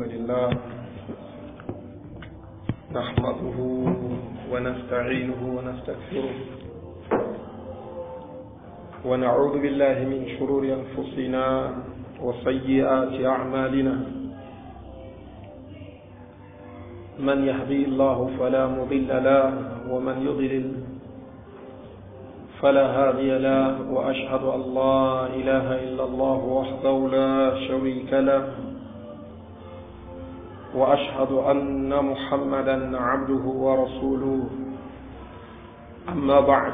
الحمد لله نحمده ونستعينه ونستكثره ونعوذ بالله من شرور أنفسنا وسيئات أعمالنا من يهدي الله فلا مضل له ومن يضلل فلا هادي له وأشهد أن لا إله إلا الله وحده لا شريك له واشهد ان محمدا عبده ورسوله اما بعد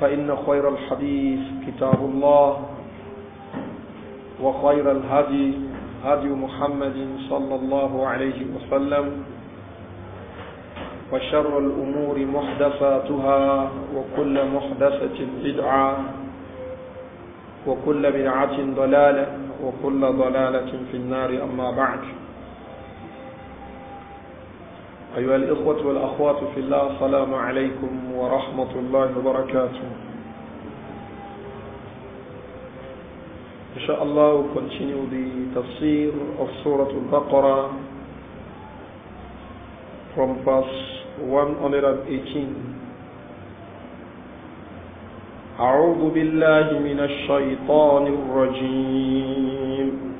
فان خير الحديث كتاب الله وخير الهدي هدي محمد صلى الله عليه وسلم وشر الامور محدثاتها وكل محدثه بدعه وكل بدعه ضلاله وكل ضلاله في النار اما بعد أيها الإخوة والأخوات في الله السلام عليكم ورحمة الله وبركاته إن شاء الله continue the tafsir of Surah Al-Baqarah from verse 118 أعوذ بالله من الشيطان الرجيم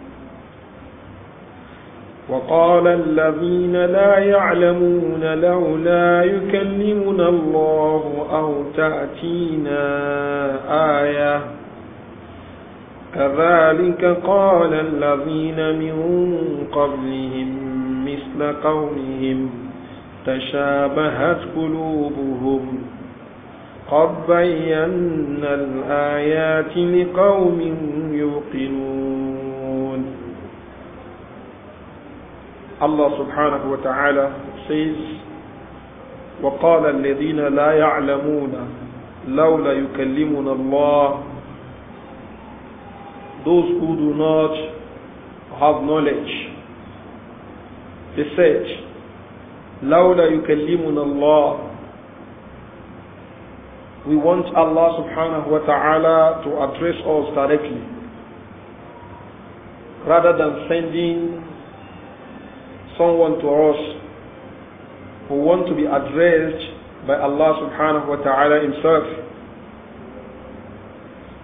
وقال الذين لا يعلمون لولا يكلمنا الله أو تأتينا آية كذلك قال الذين من قبلهم مثل قولهم تشابهت قلوبهم قد بينا الآيات لقوم يوقنون Allah subhanahu wa ta'ala says, وَقَالَ الَّذِينَ لَا يَعْلَمُونَ لَوْلَا يُكَلِّمُنَ اللَّهِ Those who do not have knowledge, they said, لَوْلَا يُكَلِّمُنَ اللَّهِ We want Allah subhanahu wa ta'ala to address us directly rather than sending someone to us who want to be addressed by Allah subhanahu wa ta'ala himself.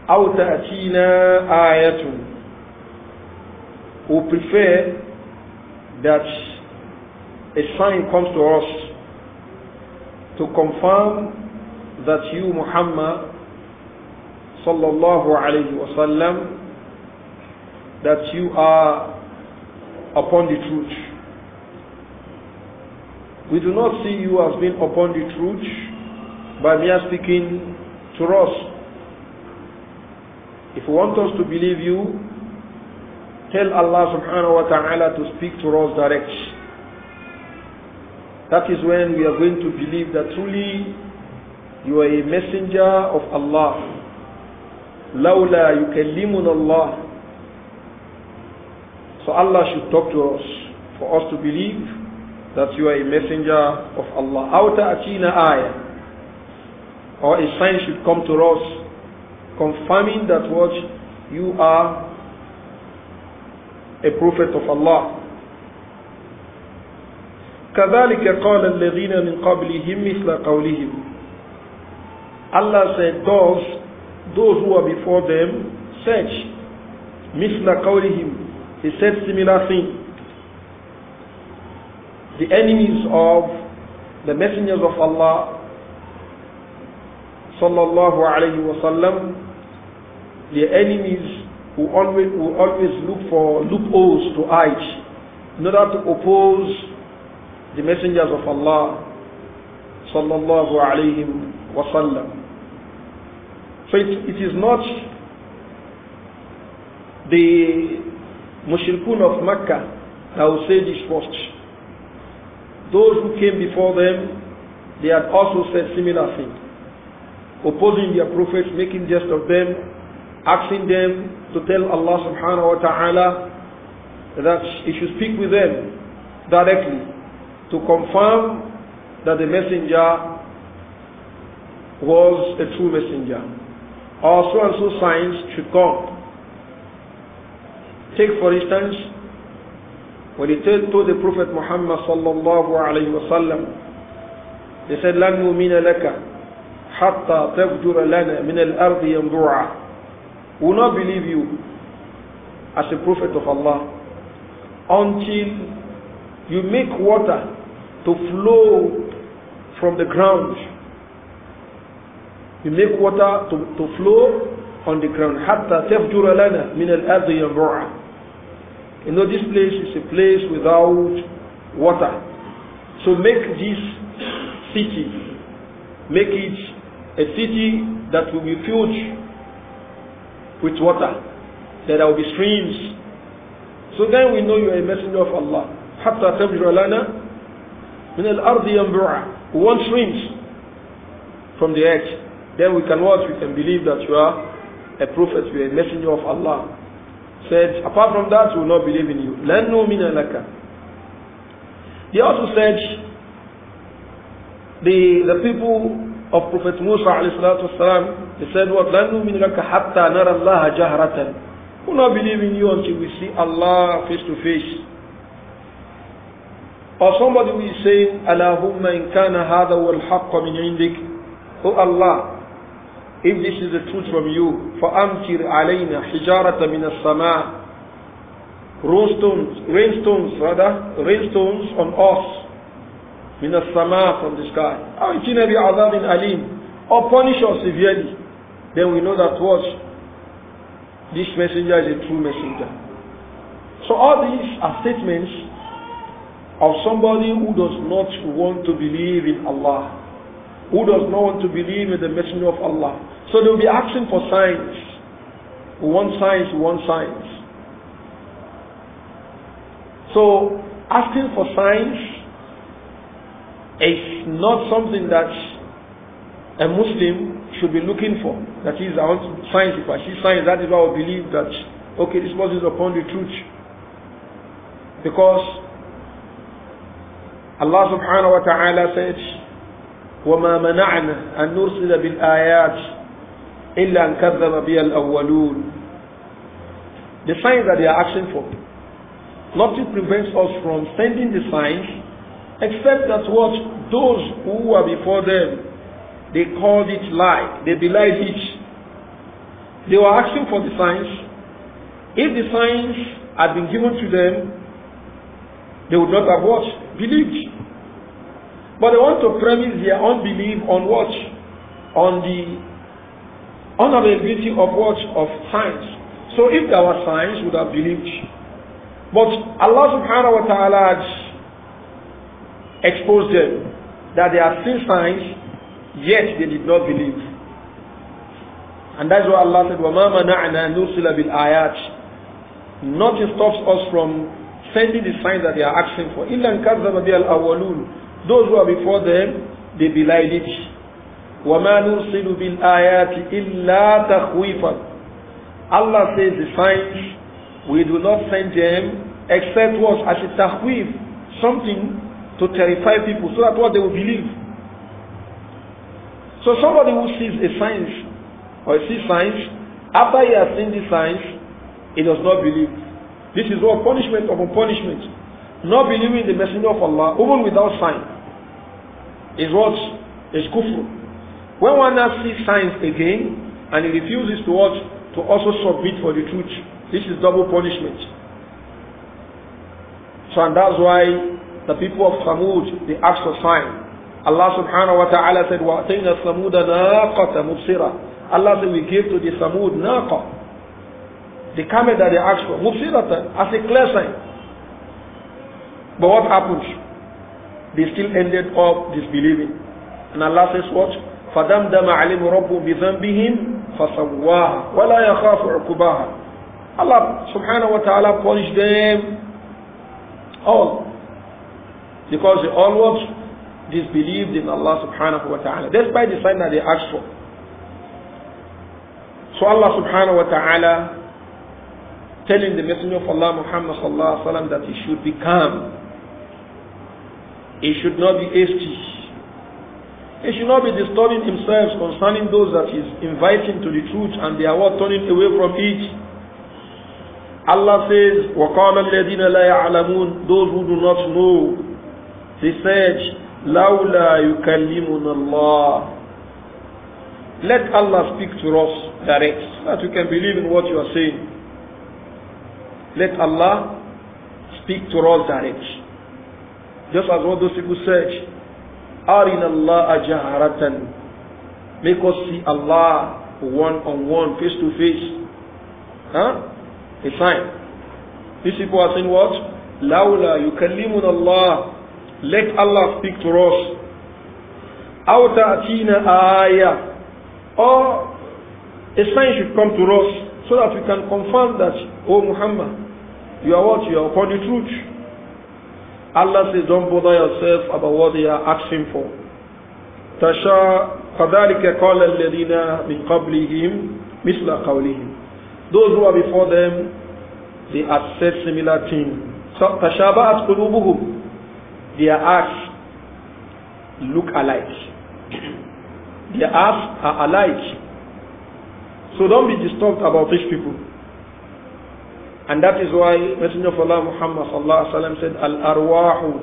أو تأتينا who prefer that a sign comes to us to confirm that you Muhammad sallallahu alayhi wasallam that you are upon the truth we do not see you as being upon the truth by mere speaking to us. If you want us to believe you, tell Allah subhanahu wa ta'ala to speak to us directly. That is when we are going to believe that truly you are a messenger of Allah. لولا يكلمنا Allah. So Allah should talk to us for us to believe that you are a messenger of Allah. Outer Atina ayah. Or a sign should come to us confirming that what you are a prophet of Allah. كذلك قال الذين من قبلهم مثل قولهم Allah said those those who were before them said مثل قولهم he said similar thing the enemies of the messengers of Allah sallallahu alayhi wasallam the enemies who always who always look for loopholes to hide in order to oppose the messengers of Allah sallallahu alayhi wasallam so it, it is not the mushrikun of Makkah. that will say this first those who came before them, they had also said similar things, opposing their prophets, making jest of them, asking them to tell Allah subhanahu wa ta'ala that he should speak with them directly to confirm that the messenger was a true messenger. Also, and so signs should come. Take for instance when he turned to the Prophet Muhammad sallallahu alayhi wa sallam, he said, لَنْ نُؤْمِنَ لَكَ حَتَّى تَفْجُرَ لَنَا مِنَ الْأَرْضِ We will not believe you as a prophet of Allah until you make water to flow from the ground. You make water to, to flow on the ground. حَتَّى تَفْجُرَ لَنَا مِنَ الْأَرْضِ يَنْبُعَ You know, this place is a place without water. So make this city, make it a city that will be filled with water, there will be streams. So then we know you are a messenger of Allah. حتى تبجر لنا من الأرض ينبوعا. We want streams from the earth. Then we can watch, we can believe that you are a prophet, you are a messenger of Allah. Said, apart from that, we will not believe in you. لَنُّ مِنَ لَكَ They also said, the, the people of Prophet Musa والسلام, they said what? لَنُّ مِنَ لَكَ حَتَّى نَرَى اللَّهَ We will not believe in you until we see Allah face to face. Or somebody will say, أَلَهُمَّ إِنْ hādā هَذَا وَالْحَقَّ min عِنْدِكَ Oh Allah, if this is the truth from you, فَأَمْتِرْ عَلَيْنَا حِجَارَةً مِنَ السَّمَاءِ Rainstones, rather, rainstones on us. مِنَ السَّمَاءِ from the sky. أَوْ إِتِنَا بِعَذَابٍ أَلِيمٍ Or punish us severely. Then we know that what? This messenger is a true messenger. So all these are statements of somebody who does not want to believe in Allah who does not want to believe in the messenger of Allah. So they'll be asking for signs. We want signs, we want signs. So asking for signs is not something that a Muslim should be looking for. That is, I want signs. If I see signs, that is why I believe that, okay, this was is upon the truth. Because Allah subhanahu wa ta'ala says, وما منعنا أن نرسل بالآيات إلا أن كذب بها الأولون the signs that they are asking for nothing prevents us from sending the signs except that what those who were before them they called it lie they belied it they were asking for the signs if the signs had been given to them they would not have watched, believed but they want to premise their unbelief on what? On the unavailability of what? Of signs. So if there were signs, would have believed. But Allah subhanahu wa ta'ala has exposed them that they have seen signs, yet they did not believe. And that's why Allah said, وَمَا مَنَعْنَا نُرْسِلَ بِالْآيَاتِ Nothing stops us from sending the signs that they are asking for. إِلَّا كَذَّبَ الْأَوَّلُونَ those who are before them, they belied it. وَمَا نُرْسِلُ بِالْآيَاتِ إِلَّا تَخْوِيفًا Allah says the signs, we do not send them except what? As a tahweef, something to terrify people so that what they will believe. So somebody who sees a sign or sees signs, after he has seen the signs, he does not believe. This is all punishment upon punishment. Not believing the messenger of Allah, even without sign, is what? Is kufr. When one now sees signs again and he refuses to watch, to also submit for the truth, this is double punishment. So and that's why the people of Samud, they asked for sign. Allah subhanahu wa ta'ala said, وَأَتَيْنَا ثَمُودَ نَاقَةَ مُبْصِرَةً Allah said, we give to the Samud naqa, the camel that they asked for, مُبْصِرَةً, as a clear sign. But what happened? They still ended up disbelieving. And Allah says what? فَدَمْدَمَ عَلِمُ رَبُّ بِذَنْبِهِمْ فَسَوَّاهَا وَلَا يَخَافُ عُقُبَاهَا Allah subhanahu wa ta'ala punished them all. Because they all what? Disbelieved in Allah subhanahu wa ta'ala. Despite the sign that they asked for. So Allah subhanahu wa ta'ala telling the Messenger of Allah Muhammad sallallahu alaihi wasallam that he should be calm he should not be hasty. He should not be disturbing himself concerning those that he is inviting to the truth and they are what turning away from it. Allah says, وَقَالَ الَّذِينَ لَا يَعْلَمُونَ Those who do not know, He said, لَوْلَا يُكَلِّمُنَ اللَّهِ let Allah speak to us direct that we can believe in what you are saying. Let Allah speak to us direct. Just as what those people said, Arin Allah ajaharatan, Make us see Allah one on one, face to face. Huh? A sign. These people are saying what? Laula yukallimun Allah. Let Allah speak to us. Aw ta'tina ayah. Or a sign should come to us so that we can confirm that, oh Muhammad, you are what? You are upon the truth. Allah says, don't bother yourself about what they are asking for. Tasha فَذَلِكَ قَالَ الَّذِينَ مِنْ قَبْلِهِمْ مِثْلَ قَوْلِهِمْ Those who are before them, they have said similar things. So, تَشَابَهَتْ قُلُوبُهُمْ Their acts look alike. Their acts are alike. So don't be disturbed about these people. And that is why Messenger of Allah Muhammad sallallahu alaihi wasallam said, "Al arwahu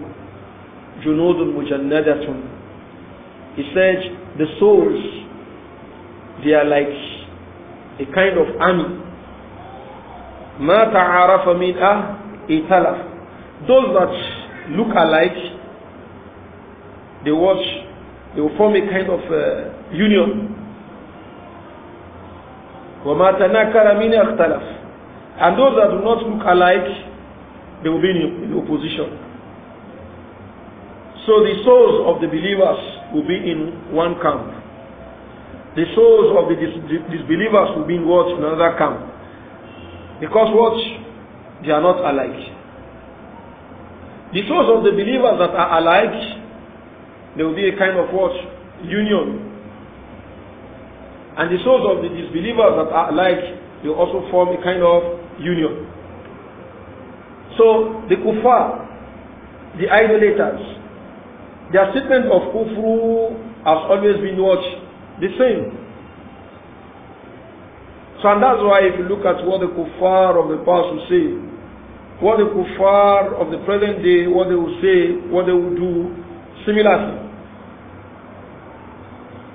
junudun mujannadatun." He said, "The souls, they are like a kind of army. Ma ta'arafa minha ah italaf. Those that look alike, they watch, they will form a kind of uh, union. وَمَا تَنَاكَرَ مِنْهَا اخْتَلَفَ and those that do not look alike, they will be in opposition. So the souls of the believers will be in one camp. The souls of the dis disbelievers will be in what? In another camp. Because what? They are not alike. The souls of the believers that are alike, there will be a kind of what? Union. And the souls of the disbelievers that are alike, they also form a kind of union. So the kuffar, the idolaters, their statement of kufru has always been watched The same. So and that's why if you look at what the kuffar of the past will say, what the kuffar of the present day, what they will say, what they will do, similarly.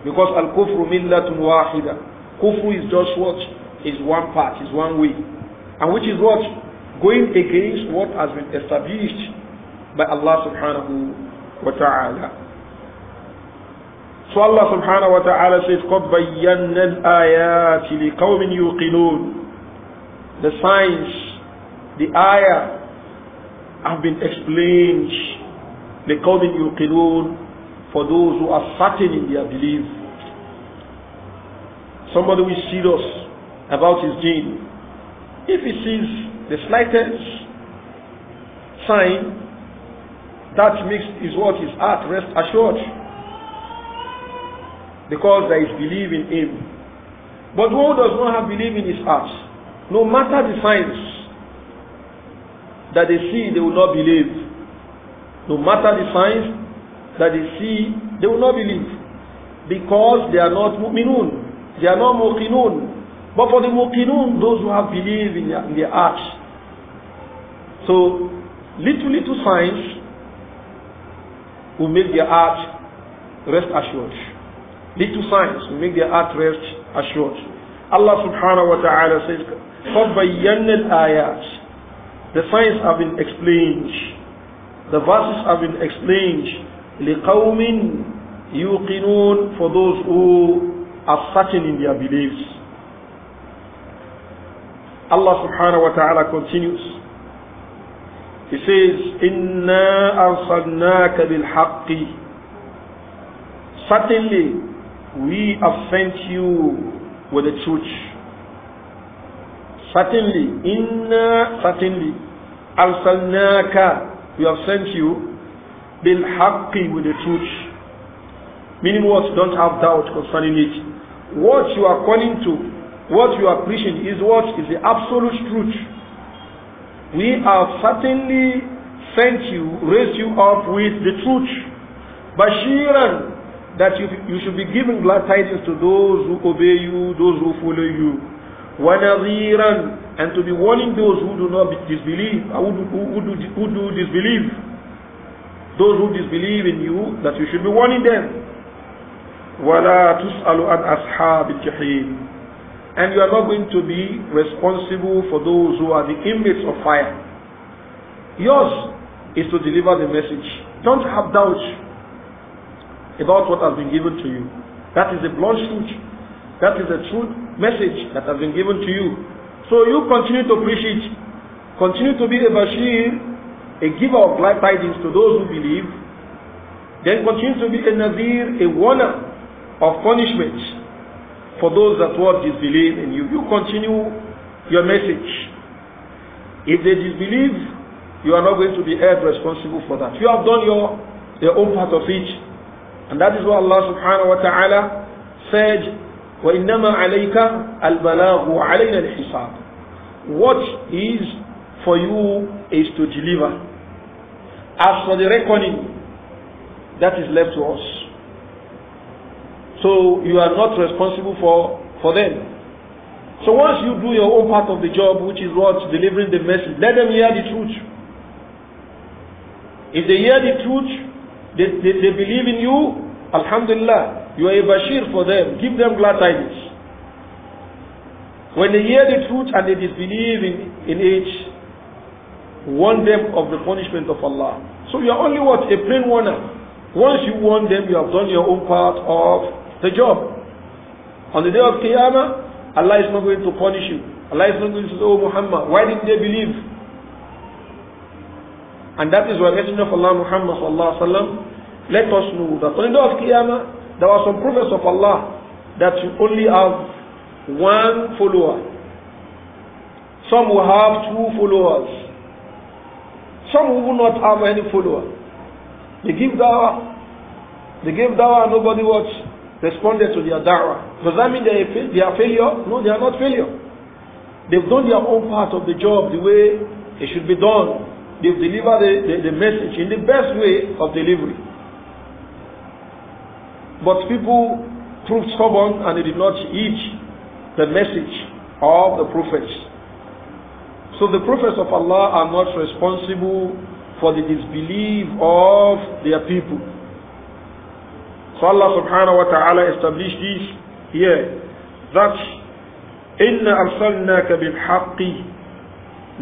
Because al-kufru millatun wahida. Kufru is just what? Is one part, is one way. And which is what? Going against what has been established by Allah subhanahu wa ta'ala. So Allah subhanahu wa ta'ala says, قَدْ بَيَّنَّا الْآيَاتِ لِقَوْمٍ يُوقِنُونَ The signs, the ayah have been explained لِقَوْمٍ يُوقِنُونَ for those who are certain in their belief. Somebody who is serious about his deen, if he sees the slightest sign, that makes his what his heart rest assured. Because there is belief in him. But who does not have belief in his heart? No matter the signs that they see, they will not believe. No matter the signs that they see, they will not believe. Because they are not mu'minun. They are not muqinun. But for the muqinun, those who have believed in their, in hearts. So, little, little signs will make their heart rest assured. Little signs will make their heart rest assured. Allah subhanahu wa ta'ala says, فَبَيَّنَّ الْآيَاتِ The signs have been explained. The verses have been explained. لِقَوْمٍ يُوقِنُونَ For those who are certain in their beliefs. Allah subhanahu wa ta'ala continues. He says, Inna arsalnaka bil haqqi. Certainly, we have sent you with the truth. Certainly, inna certainly, arsalnaka, we have sent you bil haqqi with the truth. Meaning what? Don't have doubt concerning it. What you are calling to what you are preaching is what is the absolute truth. We have certainly sent you, raised you up with the truth. Bashiran, that you, you should be giving glad tidings to those who obey you, those who follow you. Wanadiran, and to be warning those who do not disbelieve, who do, who, do, who do disbelieve. Those who disbelieve in you, that you should be warning them. وَلَا تُسْأَلُ عَنْ ashabi الْجَحِيمِ and you are not going to be responsible for those who are the inmates of fire. Yours is to deliver the message. Don't have doubt about what has been given to you. That is the blunt truth. That is the true message that has been given to you. So you continue to preach it. Continue to be a Bashir, a giver of glad tidings to those who believe. Then continue to be a Nazir, a warner of punishments for those that what disbelieve in you. You continue your message. If they disbelieve, you are not going to be held responsible for that. You have done your, your own part of it. And that is what Allah subhanahu wa ta'ala said, وَإِنَّمَا عَلَيْكَ الْبَلَاغُ عَلَيْنَا الْحِسَابُ What is for you is to deliver. As for the reckoning, that is left to us. So you are not responsible for, for them. So once you do your own part of the job, which is what? Delivering the message, let them hear the truth. If they hear the truth, they, they, they believe in you, Alhamdulillah, you are a bashir for them. Give them glad tidings. When they hear the truth and they disbelieve in, in it, warn them of the punishment of Allah. So you are only what? A plain warner. Once you warn them, you have done your own part of the job. On the day of Qiyamah, Allah is not going to punish you. Allah is not going to say, Oh Muhammad, why didn't they believe? And that is why Messenger of Allah Muhammad sallallahu alaihi let us know that on the day of Qiyamah, there are some prophets of Allah that you only have one follower. Some will have two followers. Some will not have any follower. They give dawah. They give dawah and nobody watches responded to their da'wah. Does that mean they are, failure? No, they are not failure. They've done their own part of the job the way it should be done. They've delivered the, the, the message in the best way of delivery. But people proved stubborn and they did not heed the message of the prophets. So the prophets of Allah are not responsible for the disbelief of their people. So Allah subhanahu wa ta'ala established this here that إِنَّ أَرْسَلْنَاكَ بِالْحَقِّ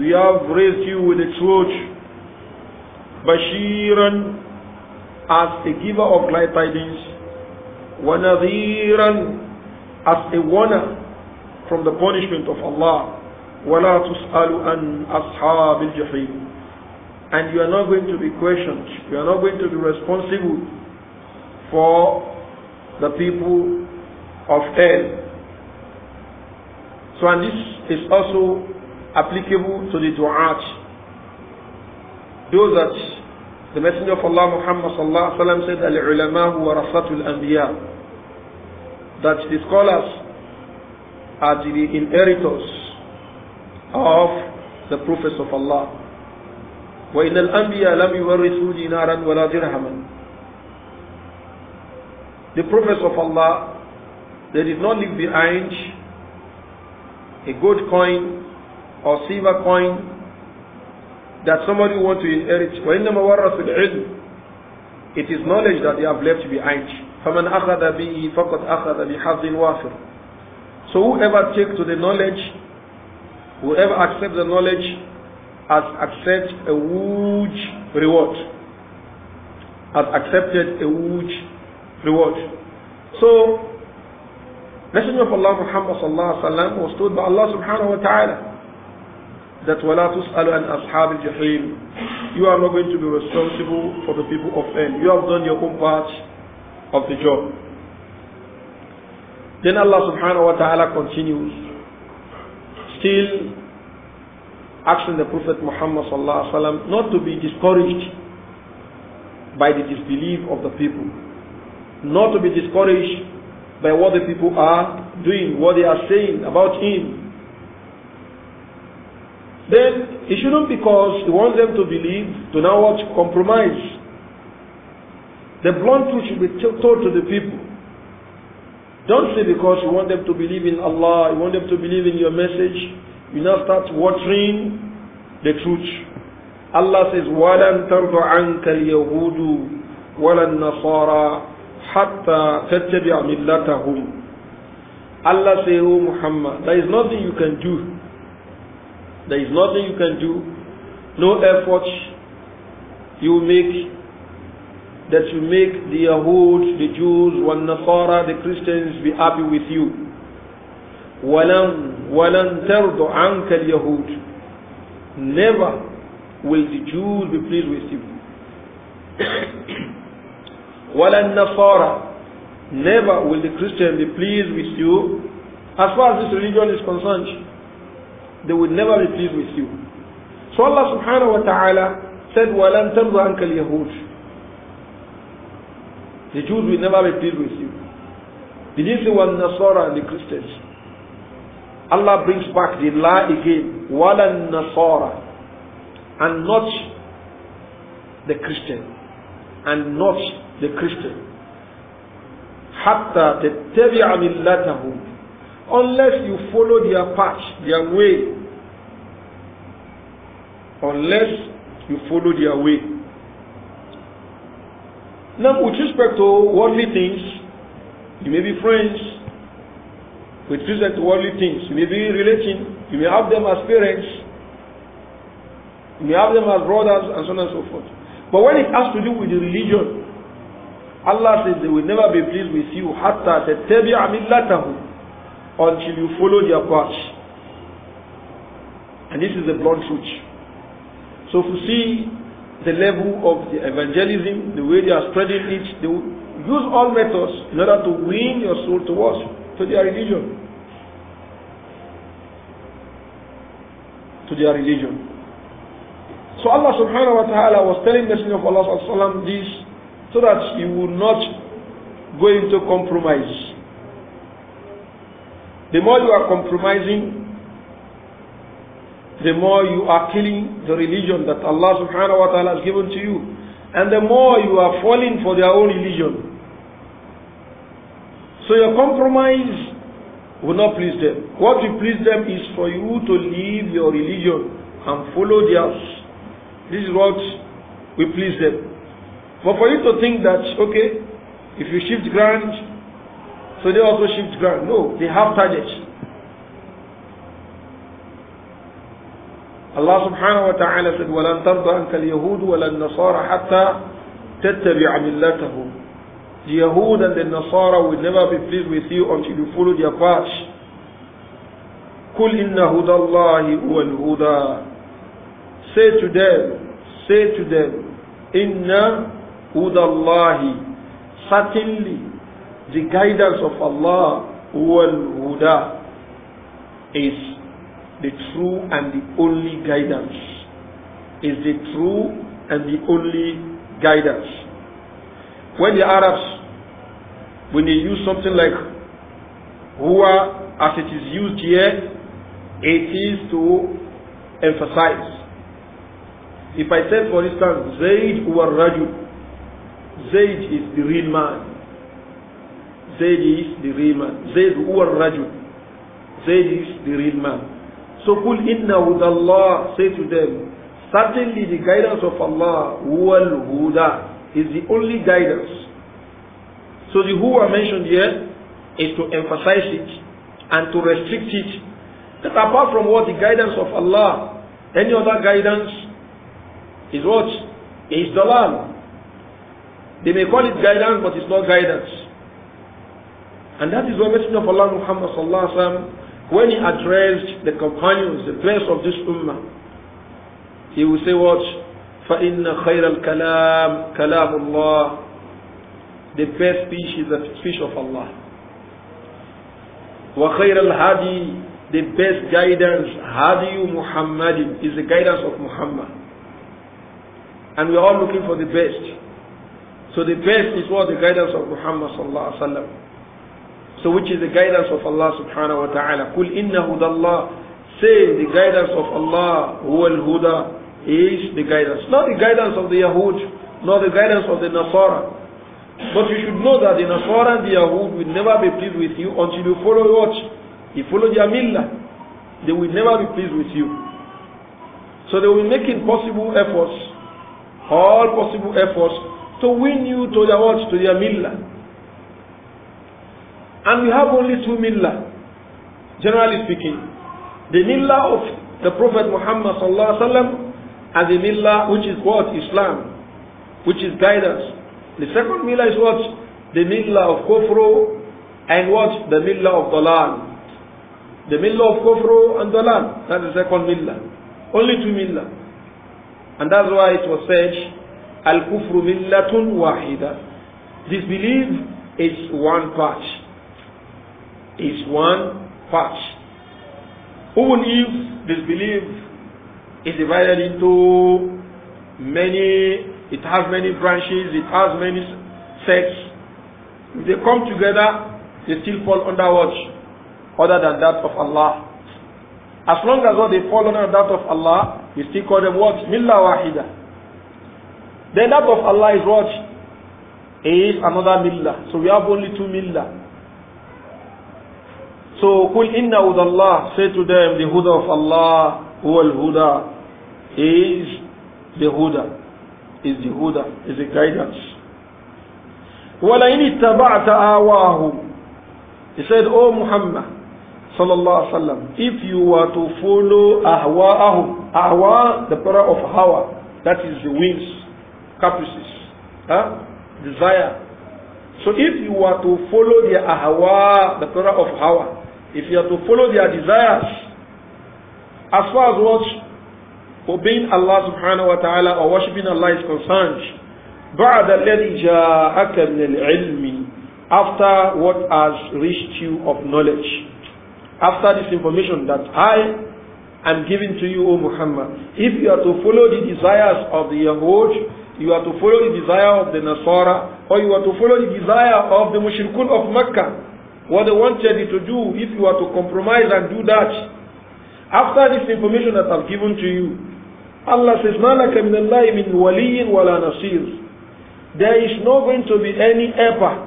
We have raised you with the truth بشيرا as a giver of glad tidings وَنَذِيرًا as a warner from the punishment of Allah وَلَا تُسْأَلُ أَنْ أَصْحَابِ الْجَحِيمِ And you are not going to be questioned, you are not going to be responsible for the people of hell. So, and this is also applicable to the du'at. Those that the Messenger of Allah Muhammad sallallahu alaihi wasallam said, "Al-ulama warasatul anbiya," that the scholars are the inheritors of the prophets of Allah. وإن الأنبياء لم يورثوا دينارا ولا درهما the prophets of Allah, they did not leave behind a gold coin or silver coin that somebody want to inherit. It is knowledge that they have left behind. فَمَنْ أَخَذَ بِهِ فَقَدْ أَخَذَ بِحَظٍ وَافِرٍ So whoever take to the knowledge, whoever accept the knowledge, has accepted a huge reward. Has accepted a huge reward. So, Messenger of Allah Muhammad sallallahu alaihi wasallam was told by Allah subhanahu wa ta'ala that وَلَا تُسْأَلُ أَنْ أَصْحَابِ الْجَحِيمِ You are not going to be responsible for the people of hell. You have done your own part of the job. Then Allah subhanahu wa ta'ala continues, still asking the Prophet Muhammad sallallahu alaihi wasallam not to be discouraged by the disbelief of the people not to be discouraged by what the people are doing, what they are saying about him. Then it shouldn't because he wants them to believe to now what compromise. The blunt truth should be told to the people. Don't say because you want them to believe in Allah, you want them to believe in your message, you now start watering the truth. Allah says, وَلَنْ تَرْضَ عَنْكَ الْيَهُودُ وَلَا النَّصَارَى hatta tattabi'a millatahum Allah say, O oh Muhammad, there is nothing you can do. There is nothing you can do. No effort you make that you make the Yahud, the Jews, one Nasara, the Christians be happy with you. وَلَنْ وَلَنْ تَرْضُ عَنْكَ الْيَهُودِ Never will the Jews be pleased with you. وَلَا النَّصَارَى Never will the Christian be pleased with you. As far as this religion is concerned, they will never be pleased with you. So Allah subhanahu wa ta'ala said, وَلَنْ تَرْضَ عَنْكَ Yahud. The Jews will never be pleased with you. Did you say one Nasara and the Christians? Allah brings back the lie again, وَلَنْ Nasara and not the Christian and not the Christian. Hatta تتبع ملتهم Unless you follow their path, their way. Unless you follow their way. Now, with respect to worldly things, you may be friends. With respect to worldly things, you may be relating. You may have them as parents. You may have them as brothers, and so on and so forth. But when it has to do with religion, Allah says they will never be pleased with you hatta tattabi'a millatahu until you follow their path. And this is the blunt truth. So if you see the level of the evangelism, the way they are spreading it, they use all methods in order to win your soul towards to their religion. To their religion. So Allah subhanahu wa ta'ala was telling the Messenger of Allah this so that he will not go into compromise. The more you are compromising, the more you are killing the religion that Allah subhanahu wa ta'ala has given to you, and the more you are falling for their own religion. So your compromise will not please them. What will please them is for you to leave your religion and follow theirs. This is what will please them. But for you to think that, okay, if you shift ground, so they also shift ground. No, they have targets. Allah subhanahu wa ta'ala said, وَلَنْ تَرْضَ أَنْكَ الْيَهُودُ وَلَا النَّصَارَ حَتَّى تَتَّبِعَ مِلَّتَهُمْ The Yahud and the Nasara will never be pleased with you until you follow their path. قُلْ إِنَّ هُدَى اللَّهِ هُوَ الْهُدَى Say to them, say to them, إِنَّ Hudallahi. Certainly, the guidance of Allah, wal Huda, is the true and the only guidance. Is the true and the only guidance. When the Arabs, when they use something like huwa as it is used here, it is to emphasize. If I say, for instance, Zaid huwa rajul, Zaid is the real man. Zaid is the real man. Zaid huwa rajul. Zaid is the real man. So قل إن هدى الله say to them certainly the guidance of Allah huwa al-huda is the only guidance. So the huwa mentioned here is to emphasize it and to restrict it. That apart from what the guidance of Allah, any other guidance is what? Is dalal. They may call it guidance, but it's not guidance. And that is what Messenger of Allah Muhammad sallallahu alaihi wasallam, when he addressed the companions, the place of this ummah, he would say what? فَإِنَّ خَيْرَ الْكَلَامِ كَلَامُ اللَّهِ The best speech is the speech of Allah. وَخَيْرَ الْهَادِي The best guidance, هَادِيُ Muhammad is the guidance of Muhammad. And we are all looking for the best. So the best is what the guidance of Muhammad sallallahu alaihi wasallam. So which is the guidance of Allah subhanahu wa ta'ala. Kul inna Say the guidance of Allah, huwal huda, is the guidance. Not the guidance of the Yahud, not the guidance of the Nasara. But you should know that the Nasara and the Yahud will never be pleased with you until you follow what? You follow their millah. They will never be pleased with you. So they will make impossible efforts, all possible efforts to win you to their what? To their millah. And we have only two millah, generally speaking. The millah of the Prophet Muhammad sallallahu alaihi wasallam and the millah which is what? Islam, which is guidance. The second millah is what? The millah of kufru and what? The millah of dalal. The millah of kufru and dalal. That's the second millah. Only two millah. And that's why it was said Al-kufru millatun wahida. Disbelief is one patch. Is one patch. Even if disbelief is divided into many, it has many branches, it has many sects, if they come together, they still fall under what? Other than that of Allah. As long as what they fall under that of Allah, we still call them what? Millah wahida. Then that of Allah is what? Is another millah. So we have only two millah. So قُلْ إِنَّ هُدَى اللَّهِ Say to them, the huda of Allah, هُوَ Huda, Is the huda. Is the huda. Is the guidance. وَلَئِنِ اتَّبَعْتَ آوَاهُمْ He said, O Muhammad, sallallahu alaihi wasallam, if you were to follow ahwa'ahum, ahwa, the plural of hawa, that is the wings, caprices, huh? desire. So if you are to follow their ahawa, the Torah of hawa, if you are to follow their desires, as far as what obeying Allah subhanahu wa ta'ala or worshipping Allah is concerned, بعد الذي جاءك من العلم after what has reached you of knowledge, after this information that I am giving to you, O Muhammad, if you are to follow the desires of the Yahud, you are to follow the desire of the Nasara, or you are to follow the desire of the Mushrikun of Mecca. What they wanted you to do, if you are to compromise and do that. After this information that I've given to you, Allah says, مَالَكَ مِنَ اللَّهِ مِنْ وَلِيٍّ وَلَا نَصِيرٍ There is not going to be any ever.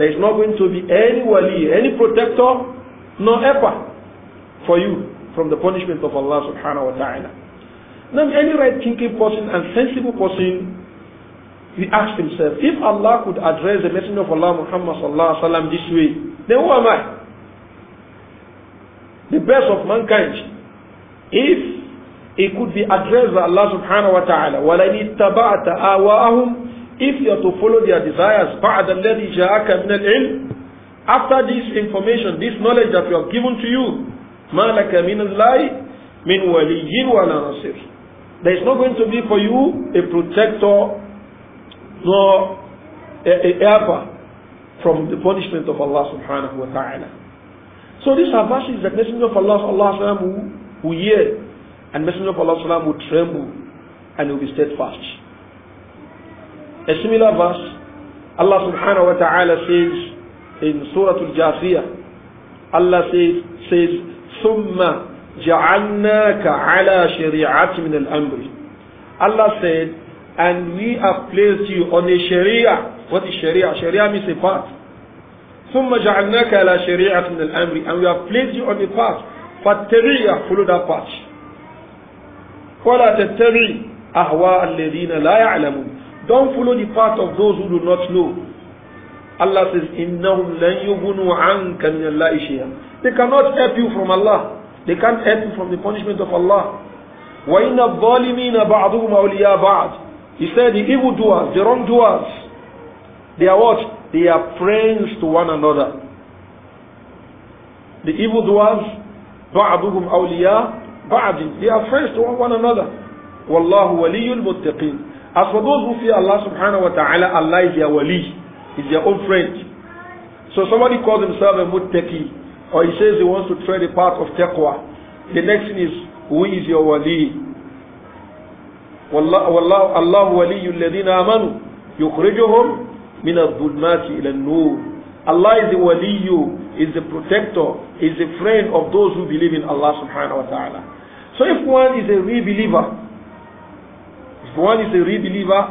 There is not going to be any wali, any protector, no ever for you from the punishment of Allah subhanahu wa ta'ala. Then any right thinking person and sensible person he asked himself, if Allah could address the Messenger of Allah Muhammad sallallahu alaihi wasallam this way, then who am I? The best of mankind. If it could be addressed by Allah subhanahu wa ta'ala, وَلَنِ اتَّبَعْتَ أَهْوَاءَهُمْ If you are to follow their desires, بَعْدَ الَّذِي جَاءَكَ مِنَ الْعِلْمِ After this information, this knowledge that we have given to you, مَا لَكَ مِنَ اللَّهِ مِنْ وَلِيٍّ وَلَا نَصِيرٍ there is not going to be for you a protector nor a, a helper from the punishment of Allah subhanahu wa ta'ala. So these are verses that Messenger of Allah Allah who, will hear and Messenger of Allah will tremble and will be steadfast. A similar verse, Allah subhanahu wa ta'ala says in Surah Al-Jasiyah, Allah says, says, ثُمَّ جعلناك على شريعة من الأمر Allah said and we have placed you on a sharia what is sharia sharia means a path ثم جعلناك على شريعة من الأمر and we have placed you on a path فاتبعها follow that path ولا تتبع أهواء الذين لا يعلمون don't follow the path of those who do not know Allah says إنهم لن يغنوا عنك من الله شيئا they cannot help you from Allah They can't help you from the punishment of Allah. وَإِنَّ الظَّالِمِينَ بَعْضُهُمْ أَوْلِيَا بَعْضٍ He said the evildoers, the wrongdoers, they are what? They are friends to one another. The evildoers, بَعْضُهُمْ أَوْلِيَا بَعْضٍ They are friends to one another. وَاللَّهُ وَلِيُّ الْمُتَّقِينَ as for those who fear Allah subhanahu wa ta'ala, Allah is their wali, is their own friend. So somebody calls himself a muttaqi. Or he says he wants to tread the path of taqwa. The next thing is, who is your wali? والله, والله الله ولي الذين آمنوا يخرجهم من الظلمات إلى النور Allah is the waliyu, is the protector, is the friend of those who believe in Allah subhanahu wa ta'ala. So if one is a real believer, if one is a real believer,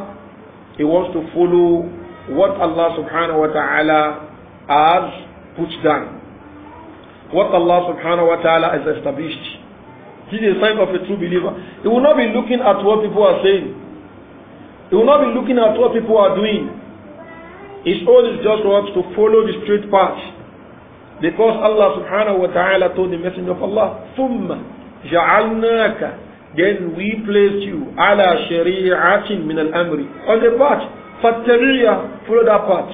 he wants to follow what Allah subhanahu wa ta'ala has put down what Allah subhanahu wa ta'ala has established. This is a sign of a true believer. He will not be looking at what people are saying. He will not be looking at what people are doing. His all is just what to follow the straight path. Because Allah subhanahu wa ta'ala told the Messenger of Allah, ثُمَّ جَعَلْنَاكَ Then we placed you على شريعة من al-amri. On the path. فَاتَّبِعْيَا Follow that path.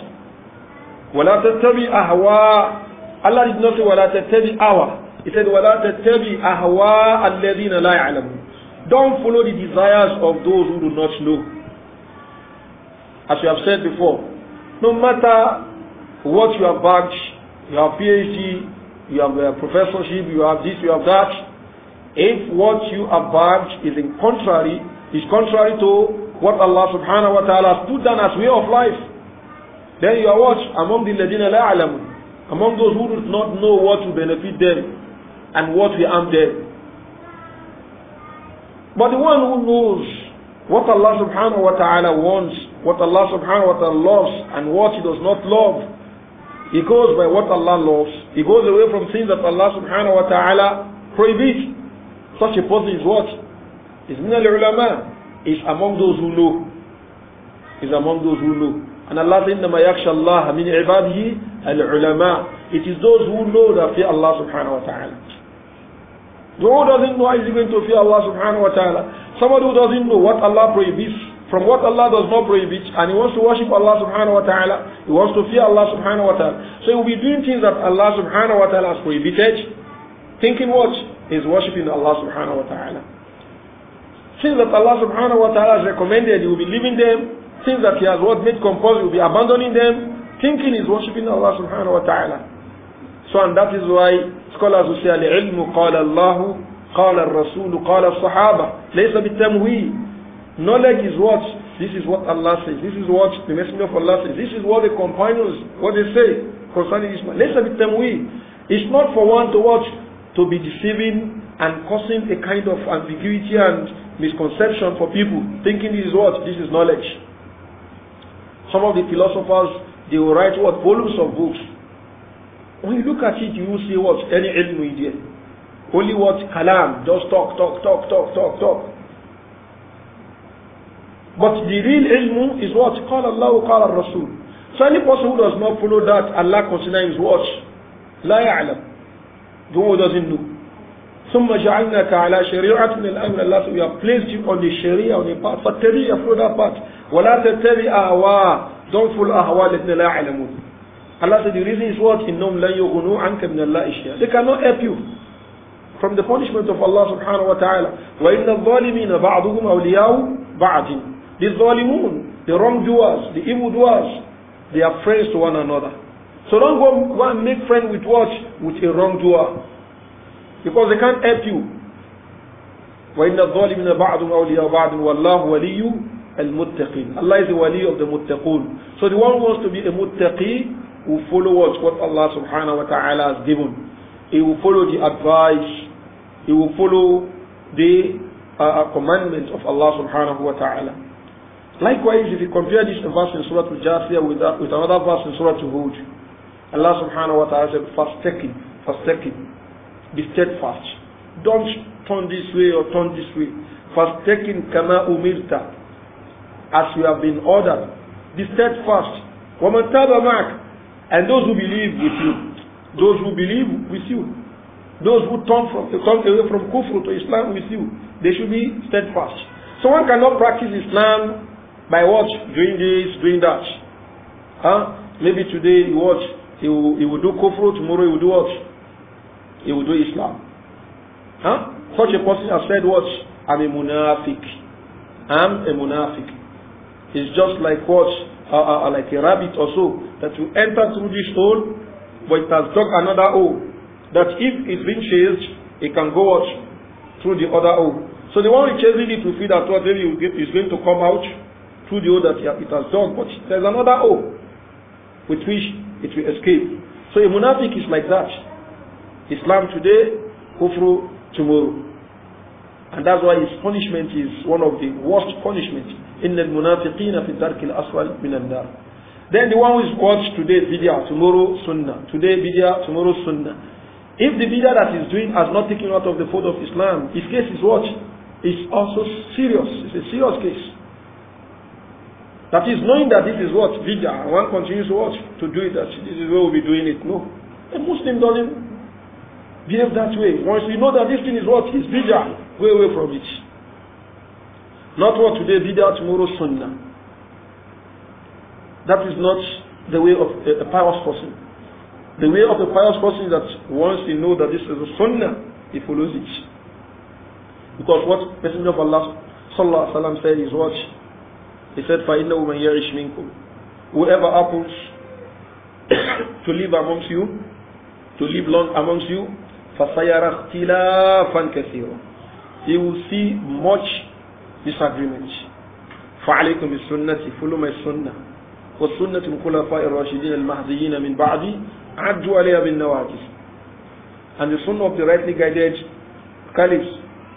وَلَا تَتَّبِعْ أَهْوَاءَ Allah did not say wala tattabi awa. He said wala tattabi ahwa alladhina la ya'lamun. Don't follow the desires of those who do not know. As we have said before, no matter what you have bagged, you have PhD, you have a uh, professorship, you have this, you have that, if what you have bagged is in contrary, is contrary to what Allah subhanahu wa ta'ala has put down as way of life, then you are what? Among the ladina la alamun among those who do not know what will benefit them and what will harm them. But the one who knows what Allah subhanahu wa ta'ala wants, what Allah subhanahu wa ta'ala loves, and what he does not love, he goes by what Allah loves. He goes away from things that Allah subhanahu wa ta'ala prohibits. Such a person is what? Is min al-ulama. Is among those who know. Is among those who know. And Allah إنما يخشى الله من عباده العلماء. It is those who know that fear Allah subhanahu wa ta'ala. who doesn't know is going to fear Allah subhanahu wa ta'ala. Somebody who doesn't know what Allah prohibits from what Allah does not prohibit and he wants to worship Allah subhanahu wa ta'ala, he wants to fear Allah subhanahu wa ta'ala. So he will be doing things that Allah subhanahu wa ta'ala has prohibited, thinking what is worshiping Allah subhanahu wa ta'ala. Things that Allah subhanahu wa ta'ala has recommended, he will be leaving them things that he has what made compulsory will be abandoning them, thinking he's worshipping Allah subhanahu wa ta'ala. So and that is why scholars will say al-ilmu qala Allahu, qala al-rasul, qala al-sahaba. Knowledge is what? This is what Allah says. This is what the messenger of Allah says. This is what the companions, what they say concerning Islam. Laysa bitamwi. It's not for one to watch to be deceiving and causing a kind of ambiguity and misconception for people thinking this is what? This is knowledge. Some of the philosophers, they will write what volumes of books. When you look at it, you will see what any ilm idea. Only what kalam, just talk, talk, talk, talk, talk, talk. But the real ilm is what? Call Allah, call Rasul. So any person who does not follow that, Allah considers his watch. La ya'lam. The one who doesn't know. ثم جعلناك على شريعة من الأمر الله we have placed you on the Sharia on the path فاتبع follow that path ولا تتبع أهواء don't follow أهواء الذين لا يعلمون Allah said the reason is what إنهم لن يغنوا عنك من الله شيئا they cannot help you from the punishment of Allah subhanahu wa ta'ala وإن الظالمين بعضهم أولياء بعض the ظالمون the wrongdoers the evildoers they are friends to one another so don't go, go and make friends with what with a wrongdoer because they can't help you وإن الظالمين بعضهم أولياء بعض والله ولي al-muttaqin. Allah is the wali of the muttaqun. So the one who wants to be a muttaqi who follows what, Allah subhanahu wa ta'ala has given. He will follow the advice. He will follow the uh, uh commandments of Allah subhanahu wa ta'ala. Likewise, if you compare this verse in Surah Al-Jasiyah with, uh, with another verse in Surah Al-Hud, Allah subhanahu wa ta'ala said, Fastaqim, fastaqim, be steadfast. Don't turn this way or turn this way. Fastaqim kama umirta as you have been ordered. Be steadfast. a تَابَ mark, And those who believe with you, those who believe with you, those who turn from turn away from kufr to Islam with you, they should be steadfast. So one cannot practice Islam by what? Doing this, doing that. Huh? Maybe today you watch, he will, he will do kufr, tomorrow he will do what? He will do Islam. Huh? Such a person has said what? I'm a munafiq. I'm a munafiq. It's just like what? Uh, uh, like a rabbit or so that will enter through this hole, but it has dug another hole. That if it's being chased, it can go out through the other hole. So the one who chasing it will feel that what maybe is going to come out through the hole that it has done, but there's another hole with which it will escape. So a monastic is like that. Islam today, kufru tomorrow. And that's why his punishment is one of the worst punishments. إن المنافقين في الدرك من النار Then the one who is watched today video, tomorrow sunnah, today video, tomorrow sunnah. If the video that he's doing has not taken out of the fold of Islam, his case is what? It's also serious. It's a serious case. That is knowing that this is what video, and one continues to watch to do it. That this is where we'll be doing it. No, a Muslim doesn't behave that way. Once you know that this thing is what is video, go away from it. Not what today bid'ah, tomorrow sunnah. That is not the way of a, a pious person. The way of a pious person is that once he knows that this is a sunnah, he follows it. Because what Messenger of Allah sallallahu alaihi wasallam said is what he said, "فَإِنَّهُ مَنْ يَعِشْ مِنْكُمْ Whoever happens to live amongst you, to live long amongst you, فَسَيَرَ اخْتِلَافًا كَثِيرًا He will see much disagreement فعليكم بالسنة فلو ما السنة والسنة الخلفاء الراشدين المهديين من بعدي عدوا عليها بالنواجس and the sunnah of the rightly guided caliphs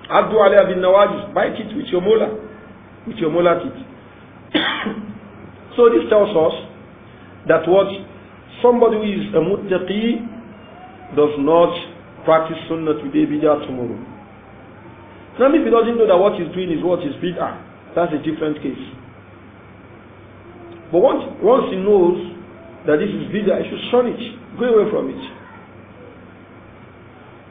عدوا عليها بالنواجس bite it with your molar with your molar teeth so this tells us that what somebody who is a muttaqi does not practice sunnah today bidah tomorrow Now, if he doesn't know that what he's doing is what he's bid'ah, that's a different case. But once, once he knows that this is bid'ah, he should shun it, go away from it.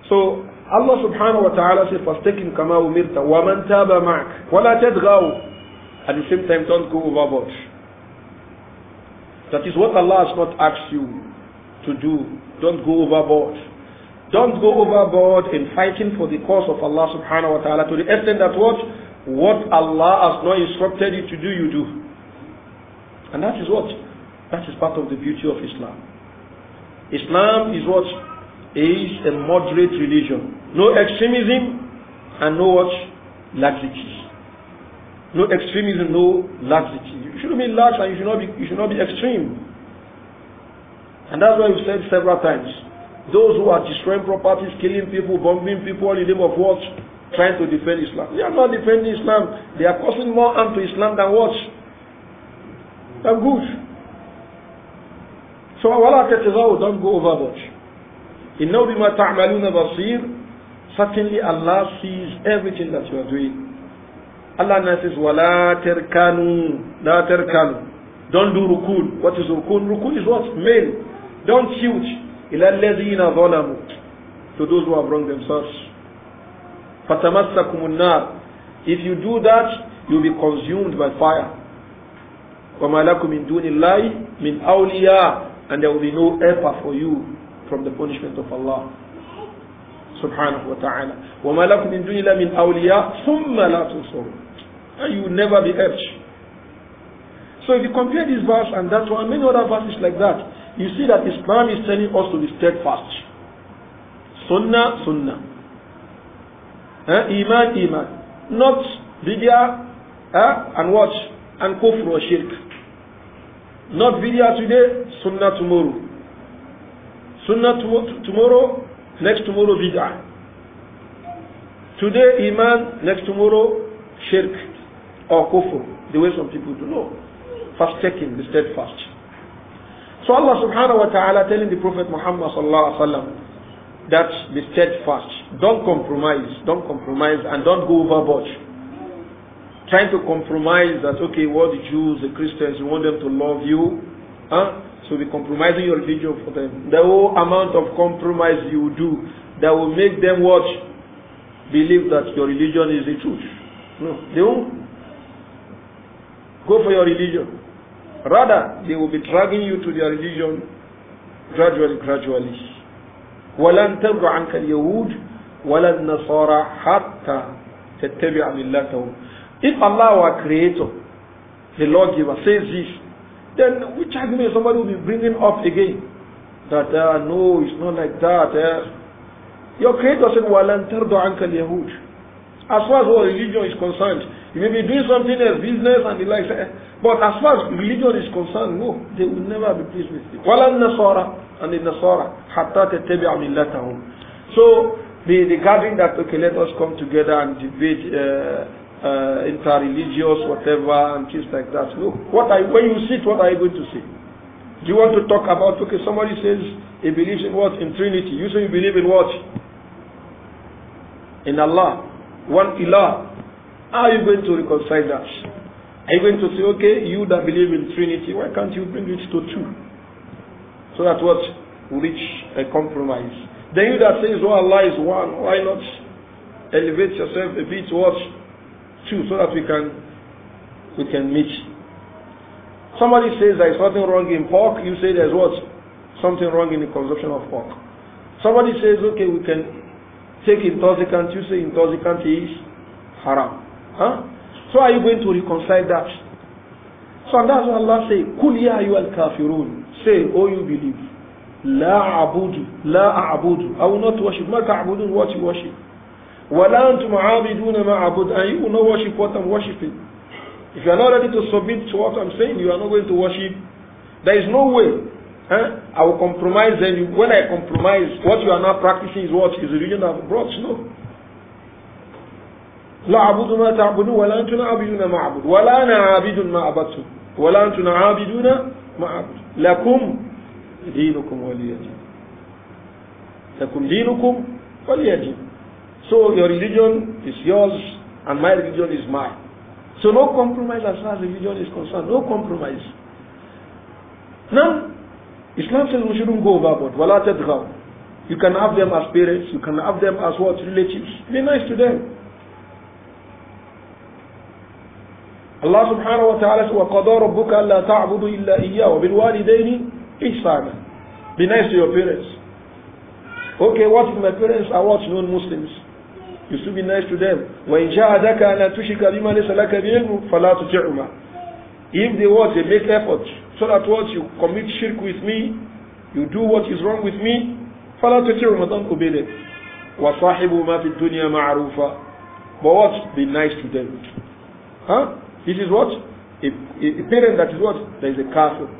So, Allah subhanahu wa ta'ala says, فَاسْتَكِمْ كَمَا wa وَمَنْ تَابَ مَعْكَ وَلَا تَدْغَوْا At the same time, don't go overboard. That is what Allah has not asked you to do. Don't go overboard. Don't go overboard in fighting for the cause of Allah subhanahu wa ta'ala to the extent that what? What Allah has not instructed you to do, you do. And that is what? That is part of the beauty of Islam. Islam is what? Is a moderate religion. No extremism and no what? Laxity. No extremism, no laxity. You shouldn't be lax and you should not be, you should not be extreme. And that's why we've said several times those who are destroying properties, killing people, bombing people in the name of what? Trying to defend Islam. They are not defending Islam. They are causing more harm to Islam than what? Than good. So wala tatazaw, don't go overboard. Inna bima ta'maluna basir. Certainly Allah sees everything that you are doing. Allah says, wala terkanu, la terkanu. Don't do rukun. What is rukun? Rukun is what? Male. Don't shoot. إِلَى الَّذِينَ ظَلَمُوا To those who have wronged themselves. فَتَمَسَّكُمُ النَّارِ If you do that, you'll be consumed by fire. وَمَا لَكُمْ مِن دُونِ اللَّهِ مِنْ أَوْلِيَاءَ And there will be no helper for you from the punishment of Allah. سُبْحَانَهُ وَتَعَالَى ta'ala. وَمَا لَكُمْ مِن دُونِ اللَّهِ مِنْ أَوْلِيَاءَ ثُمَّ لَا تُنْصَرُونَ And you will never be helped. So if you compare this verse and that one, many other verses like that, you see that Islam is telling us to be steadfast. Sunnah, Sunnah. Eh? Iman, Iman. Not video, eh? and watch, And Kufr or Shirk. Not video today, Sunnah tomorrow. Sunnah to tomorrow, next tomorrow video. Today Iman, next tomorrow Shirk or Kufr. The way some people do know. Fast checking, be steadfast. So Allah subhanahu wa ta'ala telling the Prophet Muhammad sallallahu alaihi wasallam that be steadfast, don't compromise, don't compromise and don't go overboard. Trying to compromise that okay, what the Jews, the Christians, you want them to love you, huh? So be compromising your religion for them. The whole amount of compromise you do that will make them watch, believe that your religion is the truth. No, they won't go for your religion. Rather, they will be dragging you to their religion gradually, gradually. ولن ترضى عنك اليهود ولا النصارى حتى تتبع ملتهم. If Allah our creator, the lawgiver says this, then which argument somebody will be bringing up again? That uh, no, it's not like that. Uh. Your creator said, وَلَنْ تَرْضُ عَنْكَ الْيَهُودِ As far as our religion is concerned, you may be doing something as business and the like. Eh. But as far as religion is concerned, no, they will never be pleased with it. وَلَا النَّصَارَى and the Nasara حَتَّى تَتَّبِعَ مِلَّتَهُم So, the, the gathering that, okay, let us come together and debate uh, uh, inter-religious, whatever, and things like that. No. What I, when you sit, what are you going to say? Do you want to talk about, okay, somebody says he believes in what? In Trinity. You say you believe in what? In Allah. One Ilah. How are you going to reconcile that? Are you going to say, okay, you that believe in Trinity, why can't you bring it to two? So that what reach a compromise. Then you that says, oh Allah is one, why not elevate yourself a bit towards two so that we can we can meet. Somebody says there is nothing wrong in pork, you say there's what? Something wrong in the consumption of pork. Somebody says, okay, we can take intoxicant, you say intoxicant is haram. Huh? So are you going to reconcile that? So and that's what Allah say, Kul ya al kafirun. Say, oh you believe. La a'budu, la a'budu. I will not worship. Ma ta'budun, what you worship. وَلَا أَنْتُمْ عَابِدُونَ مَا عَبُدْ And you will not worship what I'm worshiping. If you are not ready to submit to what I'm saying, you are not going to worship. There is no way. Eh? I will compromise and when I compromise, what you are not practicing is what is the religion I've brought. No. لا عبد ما تعبدون ولا أنتم عابدون ما عبد ولا أنا عابد ما عبدتم ولا أنتم عابدون ما عبد لكم دينكم ولي دين لكم دينكم ولي دين So your religion is yours and my religion is mine. So no compromise as far as religion is concerned. No compromise. Now, Islam says we shouldn't go overboard. ولا tadghaw. You can have them as parents. You can have them as what? Relatives. Be nice to them. Allah subhanahu wa ta'ala says, وَقَضَى رَبُّكَ أَلَّا تَعْبُدُ إِلَّا إِيَّا وَبِالْوَالِدَيْنِ إِحْسَانًا Be nice to your parents. Okay, what if my parents are what non-Muslims? You should be nice to them. وَإِنْ جَاهَدَكَ أَلَا تُشِكَ بِمَا لَيْسَ لَكَ بِعِلْمُ فَلَا تُطِعْهُمَا If they want, they make effort. So that what you commit shirk with me, you do what is wrong with me, فَلَا تُطِعْهُمَا Don't obey them. وَصَاحِبُ مَا فِي الدُّنْيَا مَعْرُوفًا But what? Be nice to them. Huh? This is what? A, a parent that is what? That is a kafir.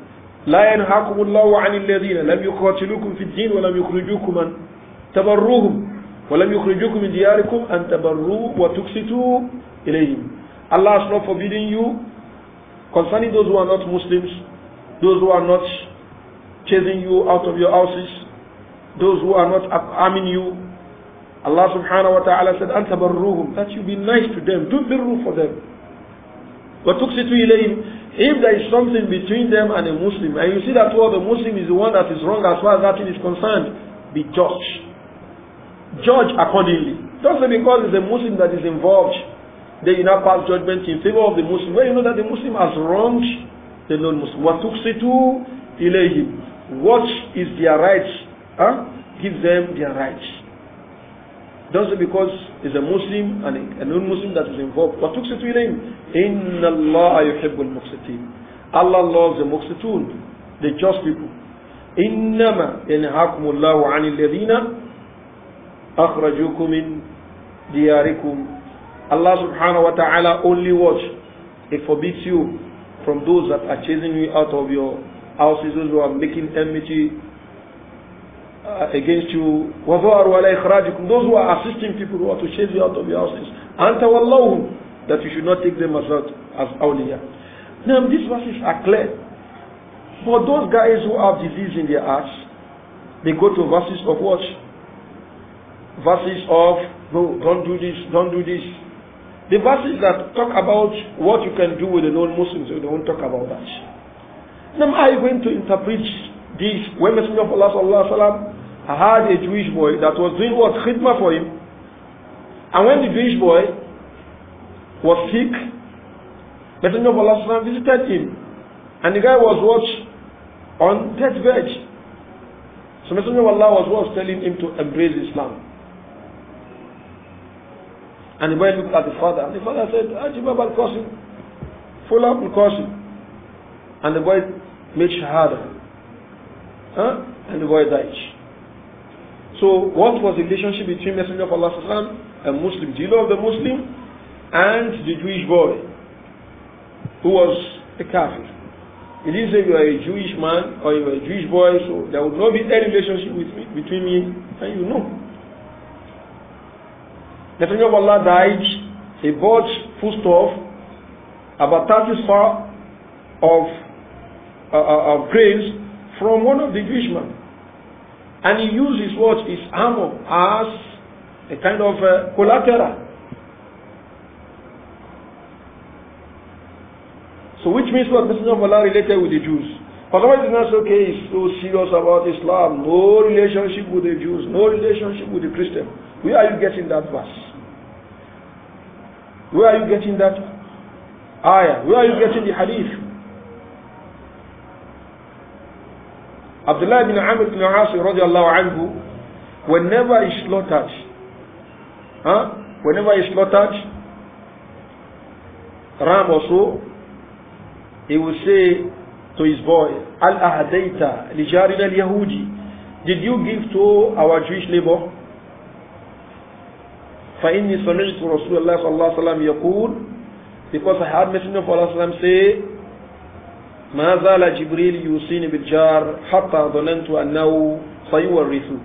لا ينهاكم الله عن الذين لم يقاتلوكم في الدين ولم يخرجوكم أن تبروهم ولم يخرجوكم من دياركم أن تبروا وتقسطوا إليهم Allah is not forbidding you concerning those who are not Muslims, those who are not chasing you out of your houses, those who are not harming you. Allah subhanahu wa ta'ala said, أَنْ تَبَرُّوهُمْ That you be nice to them, do birru for them. وَتُقْسِتُ إِلَيْهِمْ if there is something between them and a Muslim, and you see that well, the Muslim is the one that is wrong as far as that thing is concerned, be judged. Judge accordingly. say because it's a Muslim that is involved, then you now pass judgment in favor of the Muslim. When you know that the Muslim has wronged the non Muslim. Watuksitu ilayhim. What is their rights? Huh? Give them their rights. Just because it's a Muslim and a non Muslim that is involved. to him? Inna Allah yuhibbul muqsitin. Allah loves the muqsitun, the just people. إنما ينهاكم الله عن الذين أخرجوكم من دياركم Allah subhanahu wa ta'ala only watch. He forbids you from those that are chasing you out of your houses, those who are making enmity uh, against you. Those who are assisting people who are to chase you out of your houses. Anta wallahu that you should not take them as as awliya. Now these verses are clear. For those guys who have disease in their hearts, they go to verses of what? Verses of no, don't do this, don't do this. The verses that talk about what you can do with the non-Muslims, they don't talk about that. Now, I are you going to interpret this? When Messenger of Allah sallallahu alaihi had a Jewish boy that was doing what khidmah for him, and when the Jewish boy was sick. Messenger of Allah visited him. And the guy was what? On deathbed. So Messenger of Allah was what? Telling him to embrace Islam. And the boy looked at the father. And the father said, Ajibab al Qasim. Full up al Qasim. And the boy made shahada. Huh? And the boy died. So what was the relationship between Messenger of Allah and Muslim? Do you the Muslim? and the Jewish boy who was a kafir. He didn't say you are a Jewish man or you are a Jewish boy, so there would not be any relationship with me, between me and you. No. The Messenger of Allah died, he bought foodstuff, about 30 sar of, uh, uh, of grains from one of the Jewish men. And he used his what his armor, as a kind of uh, collateral So which means what? Mr. of related with the Jews. Otherwise it's not okay, he's so serious about Islam. No relationship with the Jews, no relationship with the Christian. Where are you getting that verse? Where are you getting that ayah? Where are you getting the hadith? Abdullah bin Amr bin Asim radiallahu anhu, whenever he slaughtered, huh? whenever he slaughtered, ram or so, he will say to his boy, Al Ahdaita, Lijarin al Yahudi, did you give to our Jewish neighbor? فإني سمعت رسول الله صلى الله عليه وسلم يقول because I heard Messenger of Allah صلى الله عليه وسلم say ما زال جبريل يوصيني بالجار حتى ظننت أنه سيورثه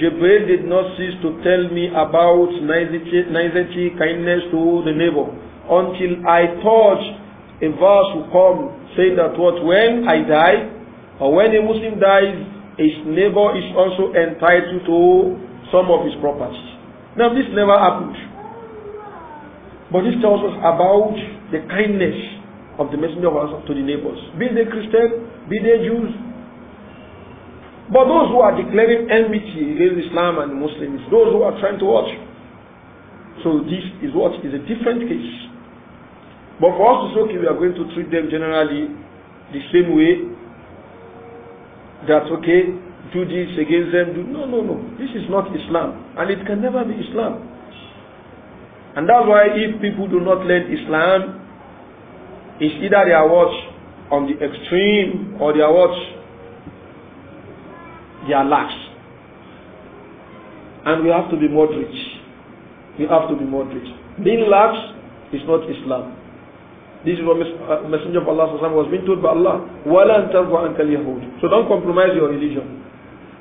Jibril did not cease to tell me about nicety, nicety kindness to the neighbor until I thought a verse will come saying that what when I die or when a Muslim dies, his neighbor is also entitled to some of his property. Now this never happened. But this tells us about the kindness of the messenger of Allah to the neighbors. Be they Christian, be they Jews. But those who are declaring enmity against Islam and Muslims, those who are trying to watch. So this is what is a different case. But for us to say, okay, we are going to treat them generally the same way thats okay, do this against them. Do, no, no, no. This is not Islam. And it can never be Islam. And that's why if people do not learn Islam, it's either they are watch on the extreme or they are watch they are lax. And we have to be moderate. We have to be moderate. Being lax is not Islam. This is what uh, Messenger of Allah was being told by Allah. وَلَنْ تَرْضَ عَنْكَ الْيَهُودِ So don't compromise your religion.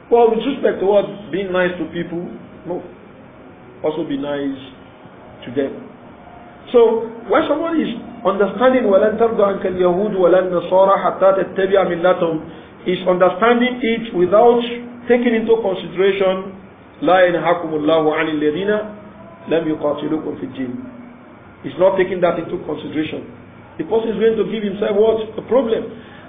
Well, with respect towards being nice to people, no. Also be nice to them. So, when someone is understanding وَلَنْ تَرْضَ عَنْكَ الْيَهُودُ وَلَنْ نَصَارَ حَتَّى تَتَّبِعَ مِلَّتَهُمْ is understanding it without taking into consideration لَا يَنْهَاكُمُ اللَّهُ عَنِ الَّذِينَ لَمْ يُقَاتِلُكُمْ فِي الدِّينِ It's not taking that into consideration. Because he's going to give himself what? A problem.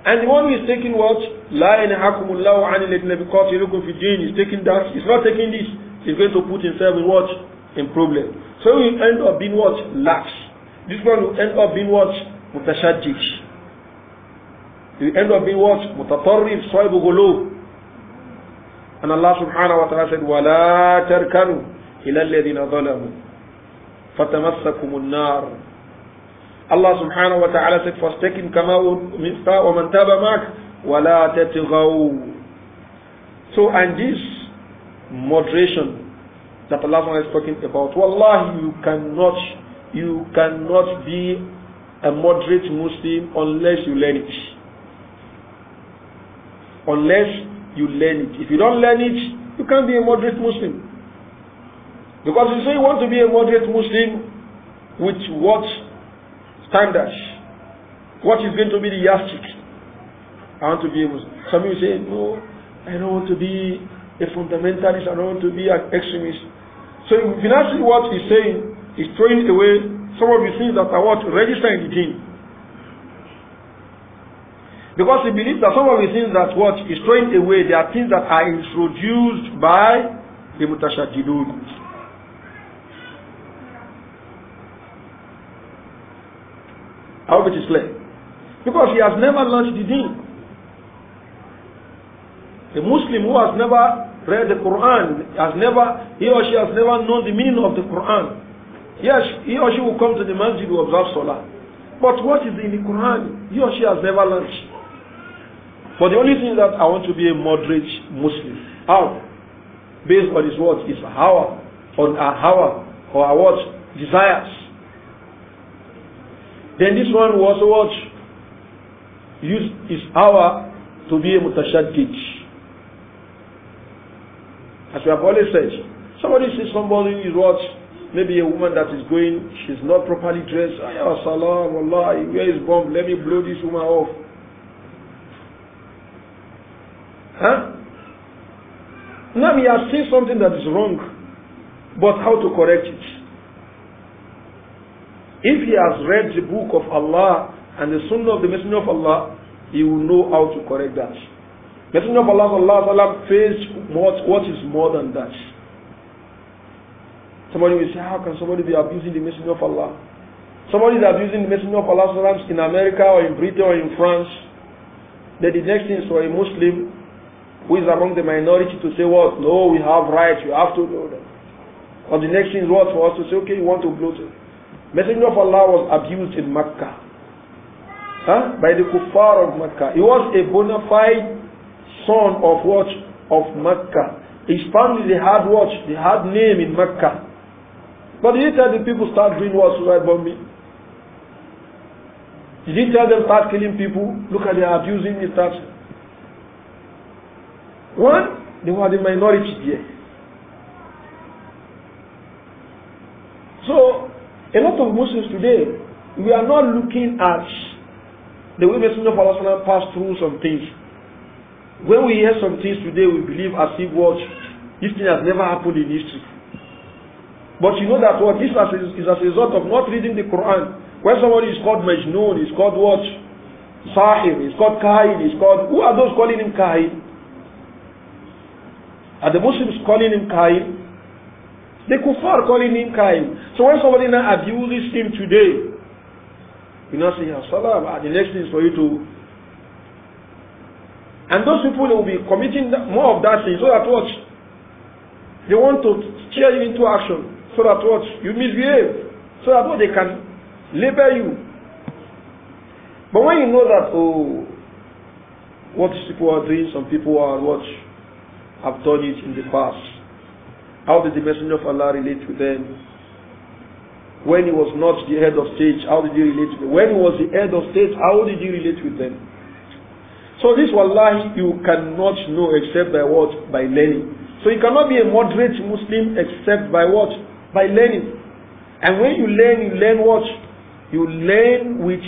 And the one who is taking what? La yanhakumullahu anil qatilukum fi din. He's taking that. He's not taking this. He's going to put himself in what? In problem. So he end up being what? Lax. This one will end up being what? Mutashaddiq. He will end up being what? Mutatarrif, swaibu ghulub. And Allah subhanahu wa ta'ala said, وَلَا تَرْكَنُوا إِلَى الَّذِينَ ظَلَمُوا فَتَمَسَّكُمُ النَّارُ Allah subhanahu wa ta'ala said, فَاسْتَكِمْ كَمَا أُمِرْتَ وَمَنْ تَابَ مَعَكَ وَلَا تَتِغَوْا So, and this moderation that Allah is talking about, wallahi, you cannot, you cannot be a moderate Muslim unless you learn it. Unless you learn it. If you don't learn it, you can't be a moderate Muslim. Because you say you want to be a moderate Muslim with what standard, what is going to be the yardstick? I want to be able. To, some of you say, no, I don't want to be a fundamentalist. I don't want to be an extremist. So financially, you what he's saying, is throwing away some of the things that are register in the team Because he believes that some of the things that what is throwing away, they are things that are introduced by the mutashadidun. I hope it is clear. Because he has never learned the deen. A Muslim who has never read the Quran, has never, he or she has never known the meaning of the Quran. Yes, he or she will come to the masjid to observe Salah. But what is in the Quran? He or she has never learned. But the only thing that I want to be a moderate Muslim. How? Based on his words, is how, on our, how, or our what? Desires. Then this one was also watch, use his hour to be a mutashaddid. As we have always said, somebody sees somebody who is what? Maybe a woman that is going, she's not properly dressed. Ah, salam, Allah, where is bomb? Let me blow this woman off. Huh? Now he has seen something that is wrong, but how to correct it? If he has read the book of Allah and the sunnah of the Messenger of Allah, he will know how to correct that. Messenger of Allah Allah, Allah faced what, what is more than that. Somebody will say, how can somebody be abusing the Messenger of Allah? Somebody is abusing the Messenger of Allah sallallahu in America or in Britain or in France. Then the next thing is for a Muslim who is among the minority to say what? No, we have rights, you have to do that. Or the next thing is what? For us to say, okay, you want to blow to Messenger of Allah was abused in Mecca huh? by the kuffar of Mecca. He was a bona fide son of what? Of Mecca. His family, they had what? They had name in Mecca. But he tell the people start doing what? Suicide bombing. Did he tell them start killing people? Look at they are abusing me. Start. One, they were the minority there. So A lot of Muslims today, we are not looking at the way Messenger of Allah passed through some things. When we hear some things today, we believe as if what this thing has never happened in history. But you know that what this is is as a result of not reading the Quran. When somebody is called Majnun, he's called what? Sahir, he's called Kahin, he's called. Who are those calling him Kahin? Are the Muslims calling him Kahin? The kuffar calling him Kaim. So when somebody now abuses him today, you know, say, Salam, ah, the next thing is for you to. And those people will be committing more of that thing so that what? They want to steer you into action so that what? You misbehave so that what they can label you. But when you know that, oh, what people are doing, some people are what have done it in the past. How did the Messenger of Allah relate to them? When he was not the head of state, how did he relate to them? When he was the head of state, how did he relate with them? So this wallahi you cannot know except by what? By learning. So you cannot be a moderate Muslim except by what? By learning. And when you learn, you learn what? You learn with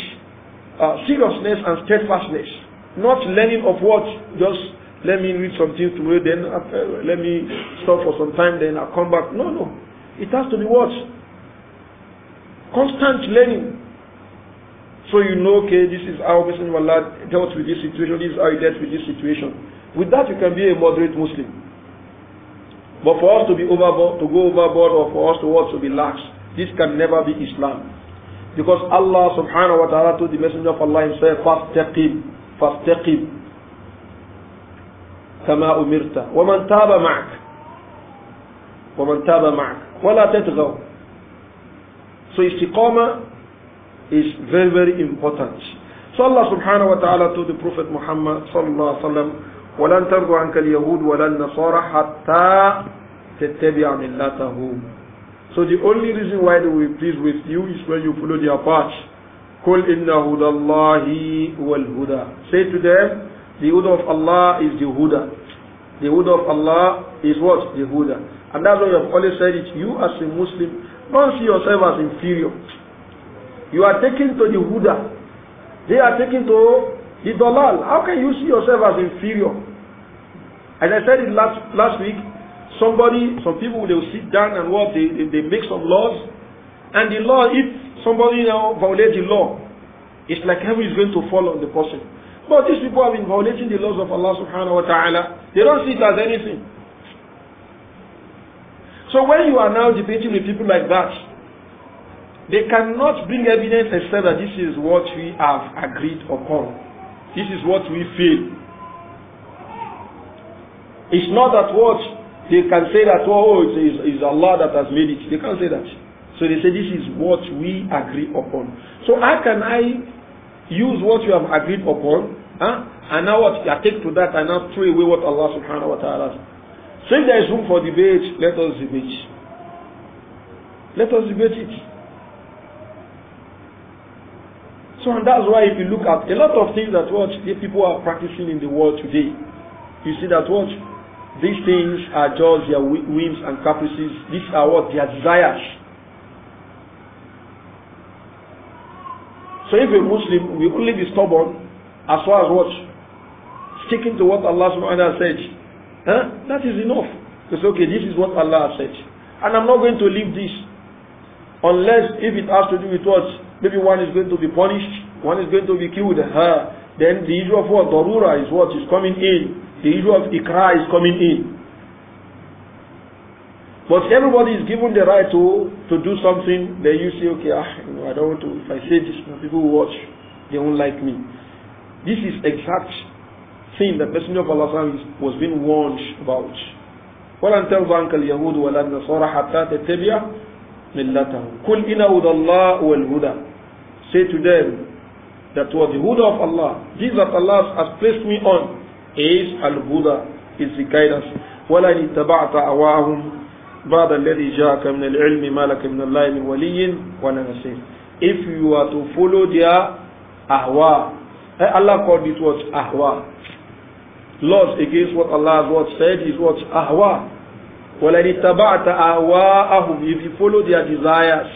uh, seriousness and steadfastness. Not learning of what? Just let me read something to read, then after, uh, let me stop for some time, then I'll come back. No, no. It has to be what? Constant learning. So you know, okay, this is how of Allah dealt with this situation, this is how he dealt with this situation. With that, you can be a moderate Muslim. But for us to be overboard, to go overboard, or for us to what to be lax, this can never be Islam. Because Allah subhanahu wa ta'ala told the messenger of Allah himself, fast فَاسْتَقِمْ كما أمرت ومن تاب معك ومن تاب معك ولا تتغو So istiqamah is very very important. So Allah subhanahu wa ta'ala to the Prophet Muhammad صلى الله عليه وسلم ولن ترضى عنك اليهود ولا النصارى حتى تتبع ملتهم So the only reason why they will be pleased with you is when you follow their path. قل إن هدى الله هو الهدى. Say to them, The Huda of Allah is the Huda. The Huda of Allah is what? The Huda. And that's why I've always said it. You as a Muslim, don't see yourself as inferior. You are taken to the Huda. They are taken to the Dalal. How can you see yourself as inferior? As I said it last, last week, somebody, some people, they will sit down and what? They, they, they make some laws. And the law, if somebody now violates the law, it's like heaven is going to fall on the person. But these people have been violating the laws of Allah subhanahu wa ta'ala. They don't see it as anything. So when you are now debating with people like that, they cannot bring evidence except that this is what we have agreed upon. This is what we feel. It's not that what they can say that, oh, oh it is, Allah that has made it. They can't say that. So they say this is what we agree upon. So how can I use what you have agreed upon, huh? and now what you take to that and now throw away what Allah subhanahu wa ta'ala So if there is room for debate, let us debate. Let us debate it. So and that's why if you look at a lot of things that what people are practicing in the world today, you see that what these things are just their whims and caprices. These are what their desires. So if a Muslim will only be stubborn as far as what? Sticking to what Allah subhanahu wa ta'ala said, huh? that is enough. To say, okay, this is what Allah said. And I'm not going to leave this. Unless if it has to do with what? Maybe one is going to be punished, one is going to be killed. Huh? Then the issue of what? Darura is what is coming in. The issue of Ikra is coming in. But everybody is given the right to, to do something, then you say, okay, ah, you know, I don't want to, if I say this, people will watch, they won't like me. This is exact thing that Messenger of Allah was being warned about. ولن ترضى عنك اليهود ولا النصارى حتى تتبع ملتهم قل إن هدى الله والهدى say to them that was the Huda of Allah this that Allah has placed me on is al-Huda is the guidance ولن اتبعت أواهم بعد الذي جاءك من العلم ما لك من الله من ولي ولا نصير if you are to follow their ahwa Allah called it what أهواء laws against what Allah has what said is what أهواء ولن اتبعت أهواءهم if you follow their desires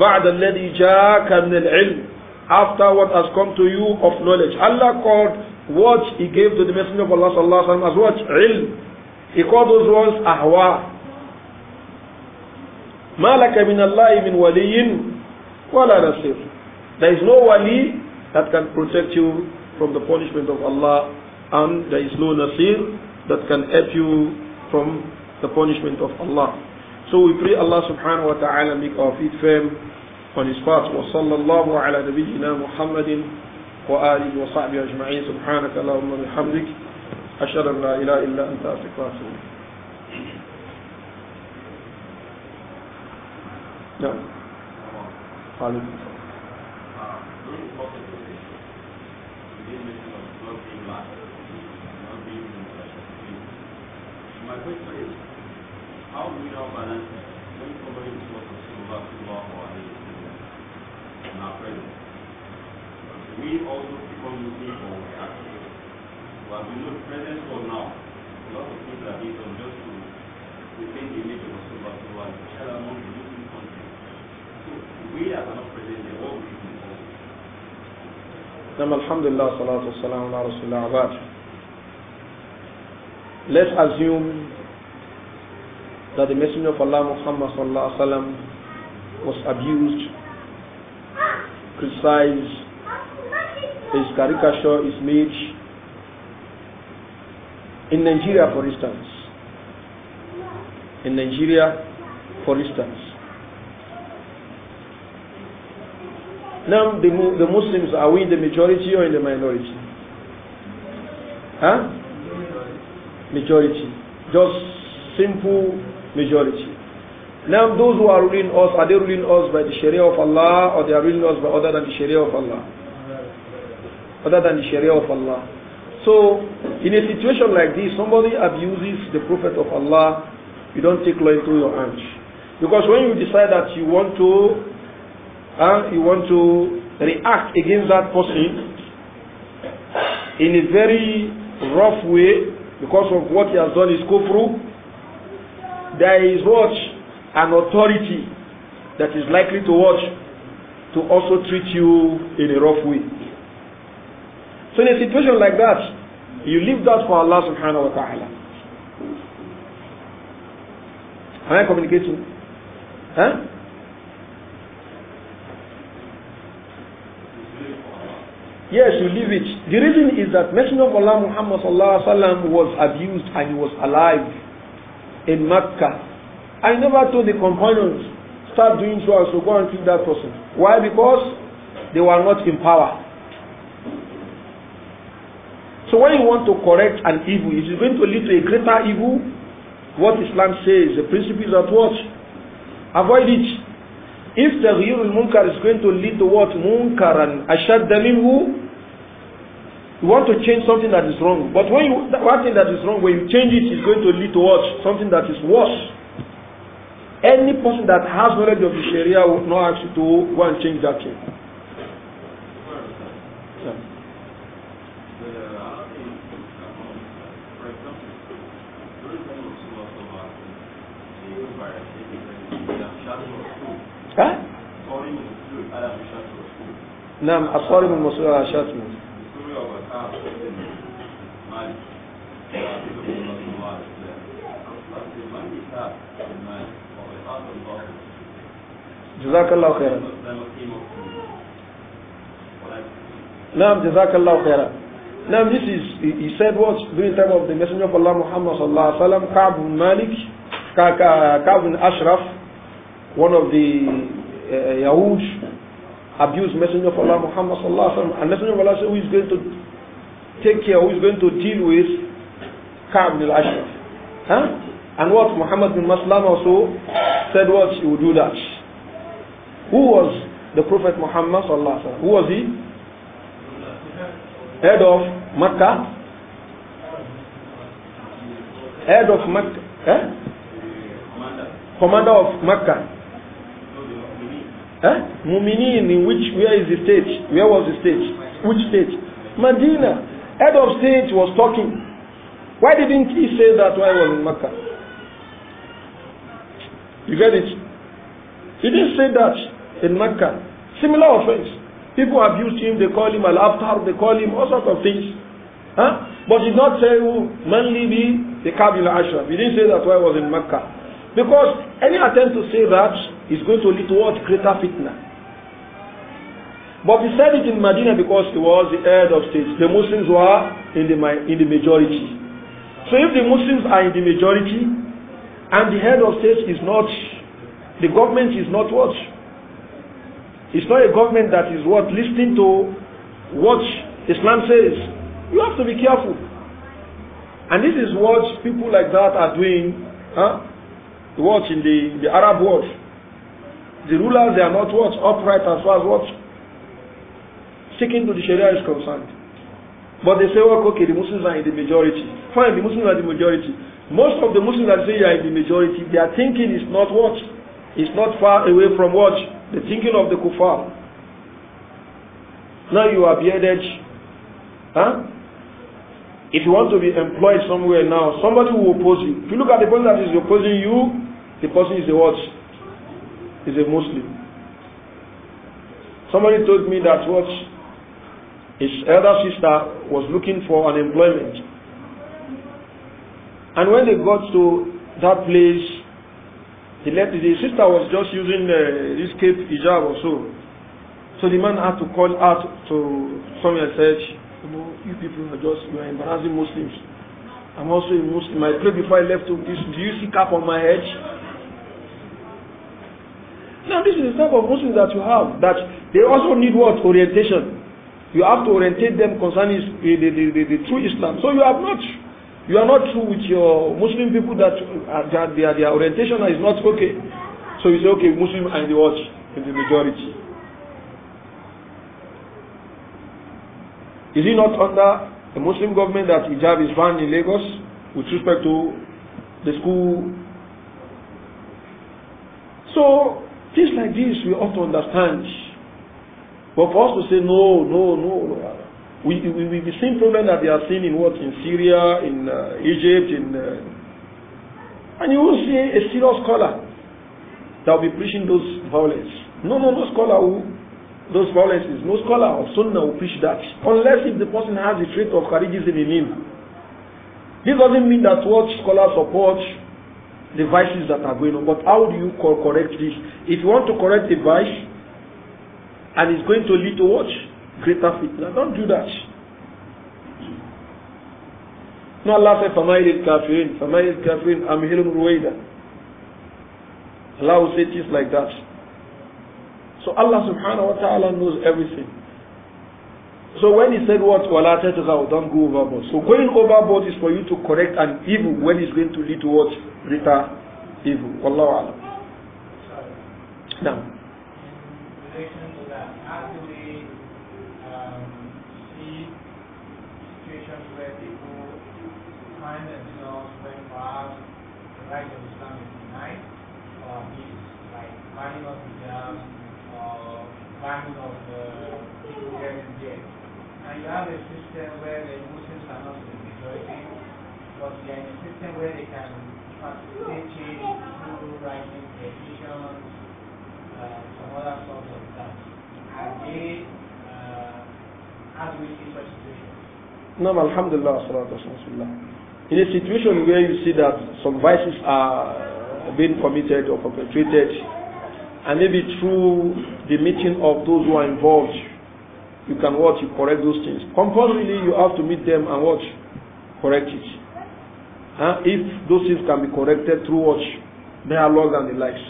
بعد الذي جاءك من العلم after what has come to you of knowledge Allah called what he gave to the messenger of Allah sallallahu alaihi wasallam as what علم he called those ones أهواء مَا لَكَ مِنَ اللَّهِ مِنْ وَلِيٍّ وَلَا نَصِيرٍ There is no wali that can protect you from the punishment of Allah and there is no nasir that can help you from the punishment of Allah. So we pray Allah subhanahu wa ta'ala make our feet firm on his path. وصلى الله على wa محمد وآله وصحبه أجمعين سبحانك اللهم وبحمدك أشهد أن لا إله إلا أنت أستغفرك No. Pardon? My question is, how do we now balance when somebody is working silver, silver, or in our presence? We also keep on looking for reactions. But we look present for now. A lot of people are based just to within the image of silver, silver, we are not present there, what would Now, Let's assume that the Messenger of Allah Muhammad الله عليه وسلم, was abused, criticized, his caricature is made in Nigeria, for instance. In Nigeria, for instance, Now, the, the Muslims, are we in the majority or in the minority? Huh? Majority. Just simple majority. Now, those who are ruling us, are they ruling us by the Sharia of Allah or they are ruling us by other than the Sharia of Allah? Other than the Sharia of Allah. So, in a situation like this, somebody abuses the Prophet of Allah, you don't take law into your hands. Because when you decide that you want to uh, you want to react against that person in a very rough way because of what he has done is go through. there is what an authority that is likely to watch to also treat you in a rough way. So in a situation like that, you leave that for Allah subhanahu wa ta'ala. Am I communicating? Huh? Yes, you leave it. The reason is that Messenger of Allah Muhammad was abused and he was alive in Mecca. I never told the companions, start doing so and so, go and kill that person. Why? Because they were not in power. So when you want to correct an evil, it is going to lead to a greater evil. What Islam says, the principle is at what? Avoid it. If the real munkar is going to lead to what? Munkaran ashadda minhu You want to change something that is wrong. But when you, one thing that is wrong, when you change it, is going to lead to what? Something that is worse. Any person that has knowledge of the Sharia will not ask you to go and change that thing. Huh? نعم الصارم المسؤول عن شتمه جزاك الله خيرا نعم جزاك الله خيرا Now this is, he said what during the time of the Messenger of Allah Muhammad sallallahu alaihi wasallam, Ka'b bin Malik, Ka'b bin Ashraf, one of the uh, Yahud, abused Messenger of Allah Muhammad صلى الله عليه وسلم. and Messenger of Allah said, who is going to take care who is going to deal with Ka'b bin al-Ashraf. Huh? And what Muhammad bin Maslam also said was he would do that. Who was the Prophet Muhammad sallallahu alaihi Who was he? Head of Makkah. Head of Makkah. Eh? Commander of Makkah. Eh? Muminin in which, where is the stage? Where was the stage? Which stage? Medina. head of state was talking. Why didn't he say that while he was in Mecca? You get it? He didn't say that in Mecca. Similar offence. People abuse him, they call him al aftar they call him all sorts of things. Huh? But he did not say, who manly be the Kabila Ashraf. He didn't say that while he was in Mecca. Because any attempt to say that is going to lead towards greater fitna. But he said it in Medina because he was the head of state. The Muslims were in the, in the majority. So if the Muslims are in the majority and the head of state is not, the government is not what? It's not a government that is what? Listening to what Islam says. You have to be careful. And this is what people like that are doing. Huh? What in the, the Arab world. The rulers, they are not what? Upright as far as what? sticking to the Sharia is concerned. But they say, well, oh, okay, the Muslims are in the majority. Fine, the Muslims are the majority. Most of the Muslims that say are in the majority, their thinking is not what? is not far away from what? The thinking of the kuffar. Now you are bearded. Huh? If you want to be employed somewhere now, somebody will oppose you. If you look at the person that is opposing you, the person is a what? Is a Muslim. Somebody told me that what His elder sister was looking for unemployment. And when they got to that place, the, left. the sister was just using uh, this cape hijab or so. So the man had to call out to some. and said, you know, you people are just, you are embarrassing Muslims. I'm also a Muslim. I prayed before I left to this. Do you see cap on my head? Now this is the type of Muslims that you have, that they also need what? Orientation. You have to orientate them concerning eh, the, the, the, the true Islam. So you have not, you are not true with your Muslim people that, uh, their, their orientation is not okay. So you say, okay, Muslim and the watch in the majority. Is it not under a Muslim government that hijab is banned in Lagos with respect to the school? So things like this we ought to understand. But for us to say no, no, no, uh, we we we the same problem that they are seeing in what in Syria, in uh, Egypt, in uh, and you will see a serious scholar that will be preaching those violence. No, no, no scholar who those violences, no scholar or Sunnah will preach that unless if the person has the trait of Kharijism in him. This doesn't mean that what scholars support the vices that are going on, but how do you correct this? If you want to correct the vice, and it's going to lead to what? Greater fitna. Don't do that. No, Allah said, فَمَيْلِ الْكَافِرِينَ فَمَيْلِ الْكَافِرِينَ أَمْهِلُمْ رُوَيْدًا Allah will say things like that. So Allah subhanahu wa ta'ala knows everything. So when he said what? Allah تتغو تَتَغَوْ Don't go overboard. So going overboard is for you to correct an evil when it's going to lead to what? Greater evil. Wallahu alam. Now. find that, you know, going fast, right of Islam is denied, or is like climbing of hijab, or climbing of the hijab and jail. And you have a system where the Muslims are not the but they are a system where they can facilitate change through writing petitions, uh, some other sorts of that. And they, uh, how do we see such situations? نعم الحمد لله والصلاة والسلام على رسول الله in a situation where you see that some vices are being committed or perpetrated, and maybe through the meeting of those who are involved, you can watch, you correct those things. Compulsorily, you have to meet them and watch, correct it. If those things can be corrected through watch, dialogue and the likes.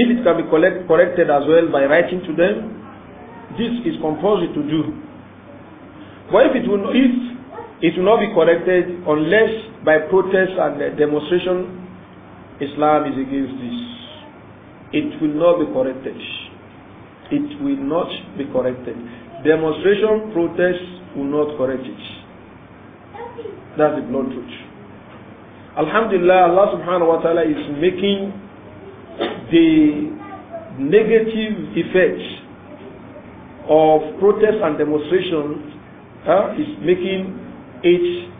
If it can be collect, corrected as well by writing to them, this is compulsory to do. But if it will, if it will not be corrected unless by protest and uh, demonstration Islam is against this. It will not be corrected. It will not be corrected. Demonstration, protest will not correct it. That's the blunt truth. Alhamdulillah, Allah subhanahu wa ta'ala is making the negative effects of protest and demonstration uh, is making it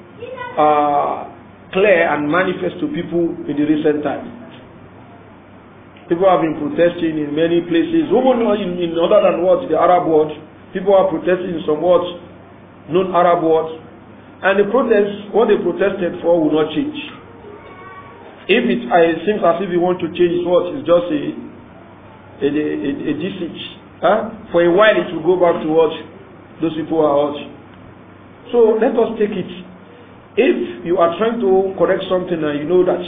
uh, clear and manifest to people in the recent times. People have been protesting in many places, even in, in other than what the Arab world. People are protesting in some words, non-Arab words, and the protest, what they protested for, will not change. If it, it seems as if you want to change what is just a a a, a, a deceit. Huh? For a while, it will go back to what those people are out. So let us take it. If you are trying to correct something and you know that,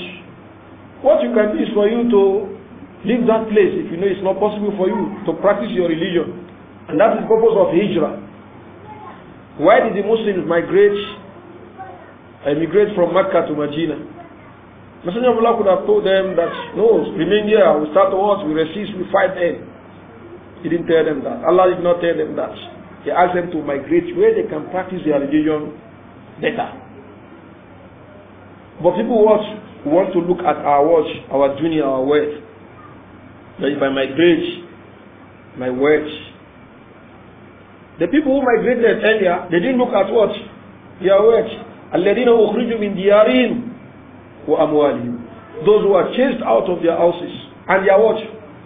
what you can do is for you to leave that place if you know it's not possible for you to practice your religion. And that is the purpose of Hijrah. Why did the Muslims migrate, emigrate from Mecca to Medina? Messenger of Allah could have told them that, no, remain here, we start wars, we resist, we fight them. He didn't tell them that. Allah did not tell them that. They ask them to migrate where they can practice their religion better. But people watch, want to look at our watch, our journey, our wealth. That if I migrate, my wealth. The people who migrated earlier, they didn't look at what? Their wealth. الَّذِينَ أُخْرِجُوا مِنْ دِيَارِهِمْ وَأَمْوَالِهِمْ Those who are chased out of their houses and their watch,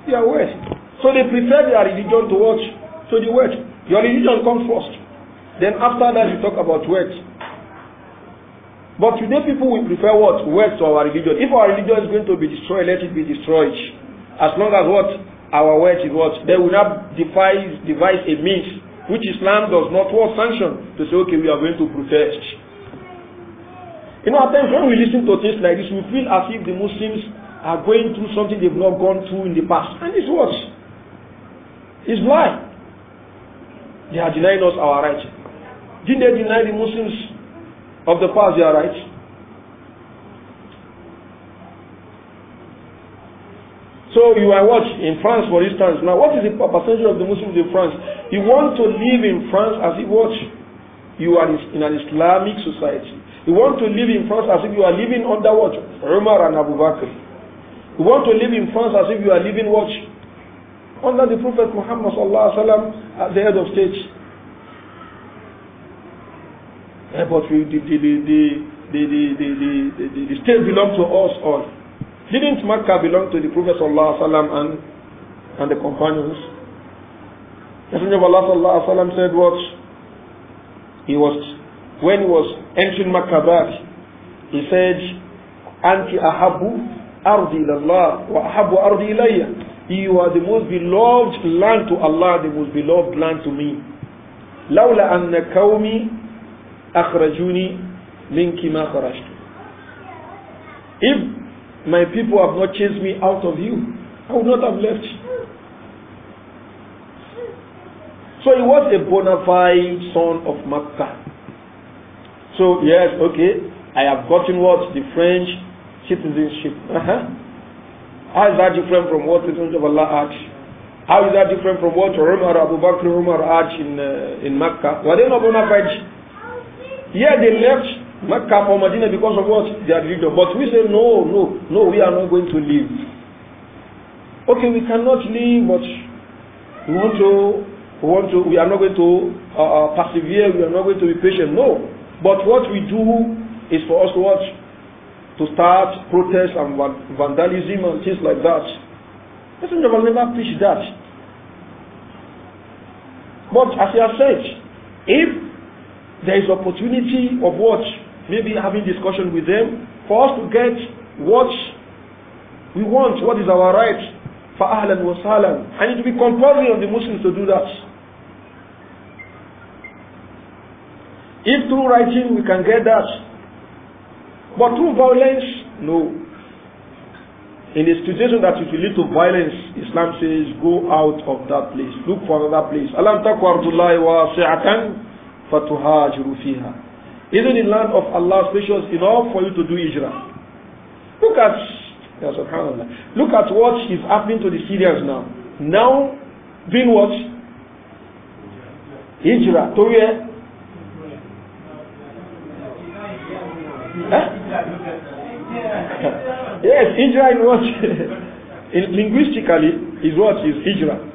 their wealth. So they prefer their religion to watch, to the wealth. Your religion comes first. Then after that you talk about words. But today people will prefer what? Words to our religion. If our religion is going to be destroyed, let it be destroyed. As long as what? Our words is what? They will not devise, devise a means which Islam does not want sanction to say, okay, we are going to protest. You know, at times when we listen to things like this, we feel as if the Muslims are going through something they've not gone through in the past. And it's what? It's lie. They are denying us our rights. Didn't they deny the Muslims of the past their rights? So you are what in France, for instance. Now, what is the percentage of the Muslims in France? You want to live in France as if what you are in an Islamic society. You want to live in France as if you are living under what Umar and Abu Bakr. You want to live in France as if you are living what under the Prophet Muhammad sallam, at the head of state. Yeah, but we, the, the, the, the, the, the, the, the, the state belonged to us all. Didn't Makkah belong to the Prophet sallallahu sallam, and, and the companions? Messenger of Allah sallallahu sallam, said what? He was, when he was entering Makkah back, he said, أنت أحب أرضي إلى الله وأحب أرضي إليّ you are the most beloved land to Allah, the most beloved land to me. لولا أن قومي أخرجوني منك ما خرجت. If my people have not chased me out of you, I would not have left. So he was a bona fide son of Makkah. So yes, okay, I have gotten what the French citizenship. Uh -huh. How is that different from what the sons of Allah asked? How is that different from what Umar, Abu Bakr, Umar asked in, uh, in Mecca? Were they not bona fide? Yeah, they left Mecca for Medina because of what they had religion. But we say, no, no, no, we are not going to leave. Okay, we cannot leave, but we want to, we, want to, we are not going to uh, uh persevere, we are not going to be patient. No. But what we do is for us to watch to start protests and vandalism and things like that. Messenger will never preach that. But as he has said, if there is opportunity of what, maybe having discussion with them, for us to get what we want, what is our right, for ahlan wa sahlan, and it will be compulsory on the Muslims to do that. If through writing we can get that, but through violence, no. In the situation that if you lead to violence, Islam says, go out of that place. Look for another place. Alam fiha. Isn't the land of Allah spacious enough for you to do hijrah? Look at, yeah, subhanAllah, look at what is happening to the Syrians now. Now, being what? Hijrah. To where? Huh? yes, hijra in what? in linguistically is what is hijra.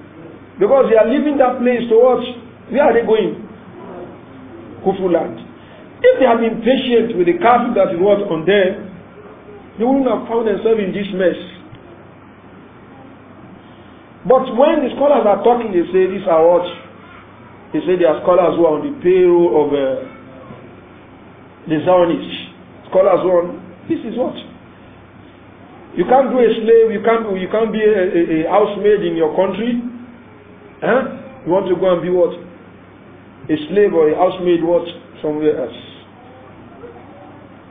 Because they are leaving that place to what? Where are they going? Kufu land. If they had been patient with the kafir that was on there, they wouldn't have found themselves in this mess. But when the scholars are talking, they say these are what? They say they are scholars who are on the payroll of uh, the Zionists scholars on, this is what? You can't do a slave, you can't, you can't be a, a, a housemaid in your country. Huh? You want to go and be what? A slave or a housemaid what? Somewhere else.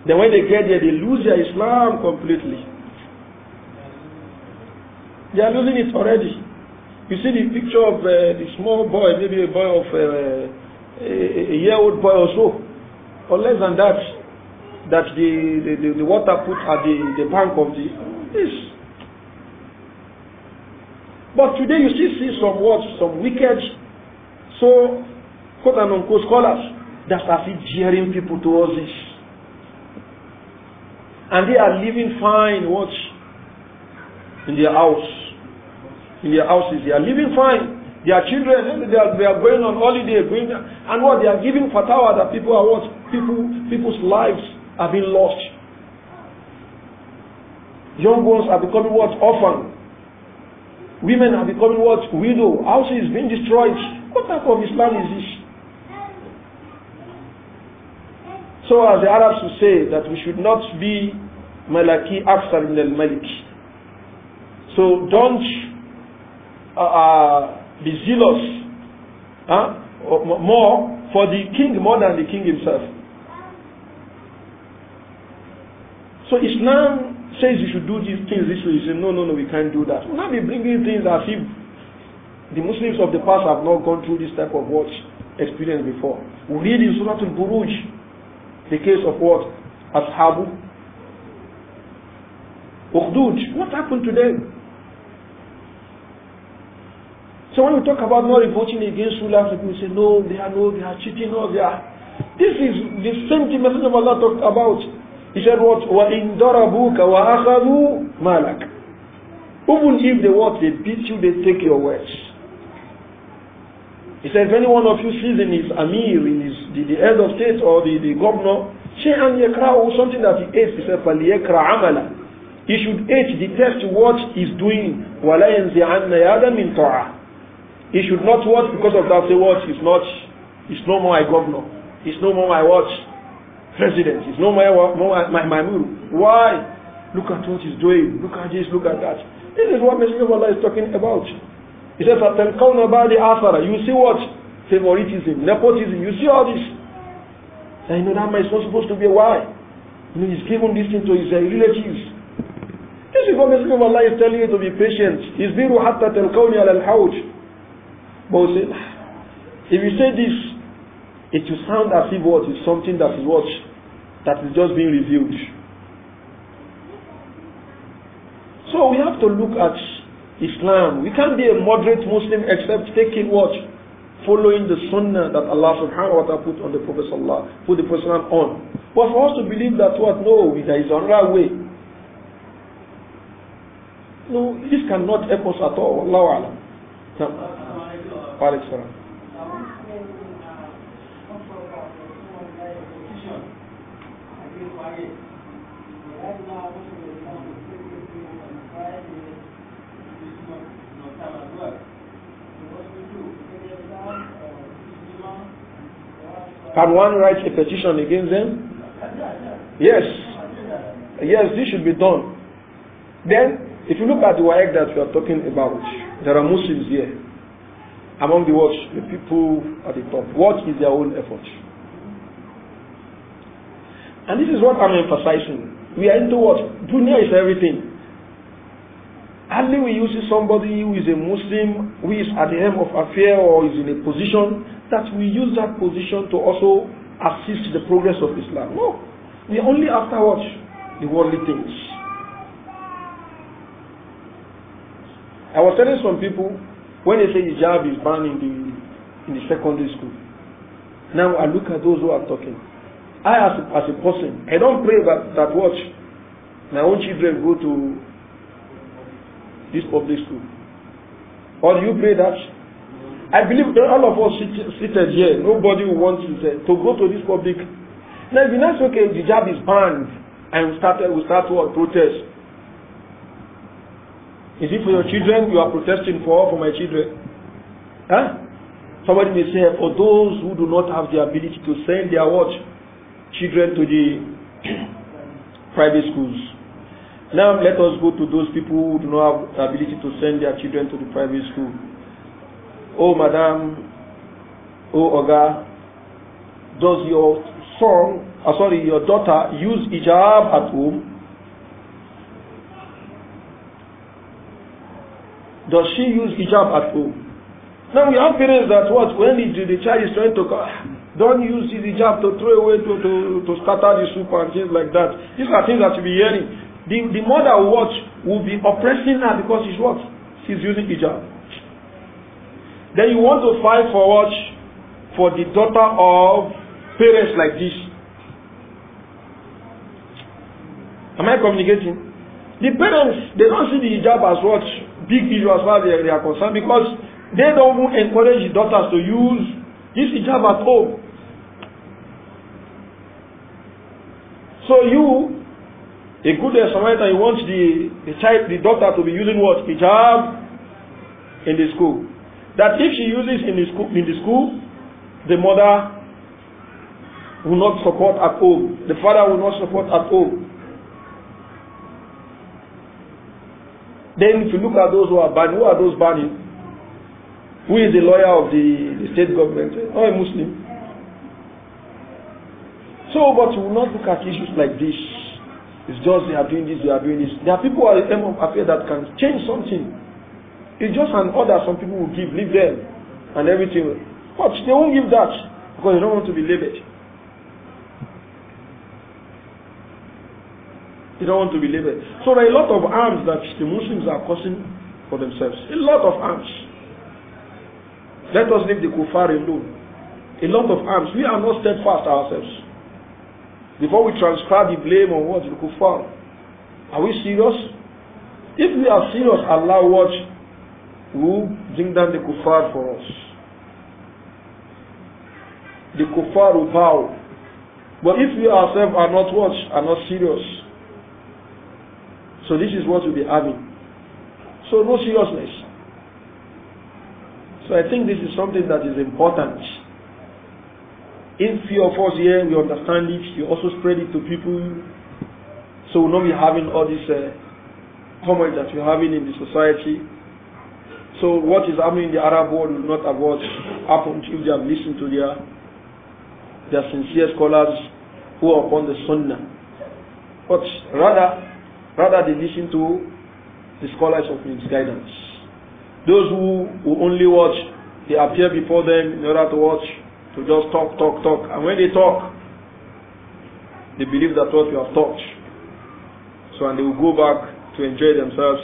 Then when they get there, they lose their Islam completely. They are losing it already. You see the picture of uh, the small boy, maybe a boy of uh, a, a year old boy or so, or less than that that the, the, the, the water put at the, the bank of the this. But today you still see some words, some wicked, so quote and unquote scholars that are still jeering people towards this. And they are living fine, watch, in their house. In their houses, they are living fine. Their children, they are, they are going on holiday, going, and what they are giving fatawa that people are what? People, people's lives have been lost. Young ones are becoming what? Orphan. Women are becoming what? Widow. Houses being destroyed. What type of Islam is this? So as the Arabs would say that we should not be Malaki Afsar min al Malik. So don't uh, uh, be zealous huh? more for the king more than the king himself. So Islam says you should do these things this way. You say, no, no, no, we can't do that. we are not be bringing things as if the Muslims of the past have not gone through this type of what experience before. We read in Surah Al-Buruj the case of what? Ashabu. Ukhdud. What happened to them? So when we talk about not revolting against rulers, people say, no, they are no, they are cheating, us. they are. This is the same thing Messenger of Allah talked about. He said what? وَإِن ضَرَبُوكَ وَأَخَذُوا malak. Even if they what? They beat you, they take your words. He said, if any one of you sees in his amir, in his, the, the head of state or the, the governor, شَيْئًا or something that he hates, he said, فَلْيَكْرَ amala. he should hate, detest what he's doing. وَلَا يَنْزِعَنَّ يَادًا مِنْ طَاعَةٍ He should not watch because of that say is not, it's no more my governor, it's no more my watch president. It's no my, my, my Mamuru. Why? Look at what he's doing. Look at this, look at that. This is what Messenger of Allah is talking about. He says, فَتَلْقَوْنَ بَعْدِ آثَرَ You see what? Favoritism, nepotism. You see all this. I know that man is not supposed to be a why. You know, he's given this thing to his uh, relatives. This is what Messenger of Allah is telling you to be patient. He's biru hatta telqawni ala al-hawj. But say, if you say this, it will sound as if what is something that is what that is just being revealed. So we have to look at Islam. We can't be a moderate Muslim except taking what? Following the sunnah that Allah subhanahu wa ta'ala put on the Prophet sallallahu put the Prophet on. But for us to believe that what? No, there is another way. No, this cannot help us at all. Allah Alam. Wa what do? can one write a petition against them? Yes. Yes, this should be done. Then, if you look at the WAEC that we are talking about, there are Muslims here among the watch, the people at the top. What is their own effort? And this is what I'm emphasizing. We are into what? Dunya is everything. Only we you see somebody who is a Muslim, who is at the helm of affair or is in a position that we use that position to also assist the progress of Islam. No. We only after what? The worldly things. I was telling some people when they say hijab is banned in the in the secondary school. Now I look at those who are talking. I as a, as a person, I don't pray that, that watch my own children go to this public school. Or do you pray that? I believe all of us seated here, nobody wants to, eh, to go to this public. Now, if you not okay, the job is banned, and we start, we start to Protest. Is it for your children you are protesting for, for my children? Huh? Somebody may say, for those who do not have the ability to send their watch, children to the private schools. Now let us go to those people who do not have the ability to send their children to the private school. Oh, madam, oh, Oga, does your son, uh, sorry, your daughter use hijab at home? Does she use hijab at home? Now we have parents that what when the, the child is trying to ah, Don't use the hijab to throw away, to, to, to scatter the soup and things like that. These are things that you'll be hearing. The, the mother who watch will be oppressing her because she's what? She's using the hijab. Then you want to fight for what? For the daughter of parents like this. Am I communicating? The parents, they don't see the hijab as what? Big issue as far as they, they are concerned because they don't encourage the daughters to use This hijab at home. So you, a good uh, Samaritan, you want the, the child, the daughter to be using what? Hijab in the school. That if she uses in the school, in the school, the mother will not support at home. The father will not support at home. Then if you look at those who are banned, who are those banning? Who is the lawyer of the, the state government? Oh, a Muslim. So, but we will not look at issues like this. It's just they are doing this, they are doing this. There are people who are the aim of affair that can change something. It's just an order some people will give, leave them, and everything. But they won't give that because they don't want to be labeled. They don't want to be labeled. So there are a lot of arms that the Muslims are causing for themselves. A lot of arms. Let us leave the kuffar alone. A lot of arms. We are not steadfast ourselves. Before we transfer the blame on what the kuffar. Are we serious? If we are serious, Allah watch will bring down the kuffar for us. The kuffar will bow. But if we ourselves are not watch, Are not serious. So this is what we'll be having. So no seriousness. So I think this is something that is important. If few of us here we understand it, you also spread it to people, so we'll not be having all this uh, comment that we're having in the society. So what is happening in the Arab world will not have what happened if they have listened to their their sincere scholars who are upon the Sunnah. But rather, rather they listen to the scholars of misguidance. Those who, who only watch, they appear before them in order to watch, to just talk, talk, talk. And when they talk, they believe that what you have taught. So, and they will go back to enjoy themselves.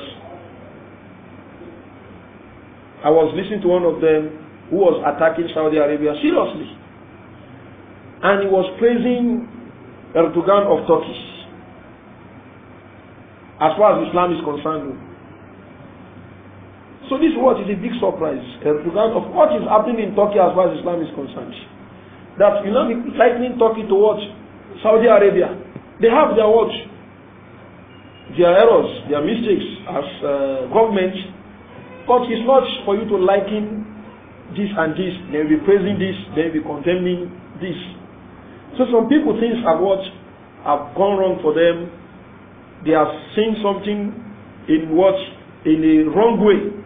I was listening to one of them who was attacking Saudi Arabia seriously. And he was praising Erdogan of Turkey. As far as Islam is concerned, so this what is a big surprise in eh, regard of what is happening in Turkey as far as Islam is concerned. That Islam is lightening Turkey towards Saudi Arabia. They have their watch, their errors, their mistakes as uh, government. But it's not for you to liken this and this, will be praising this, will be condemning this. So some people things have what have gone wrong for them. They have seen something in what in a wrong way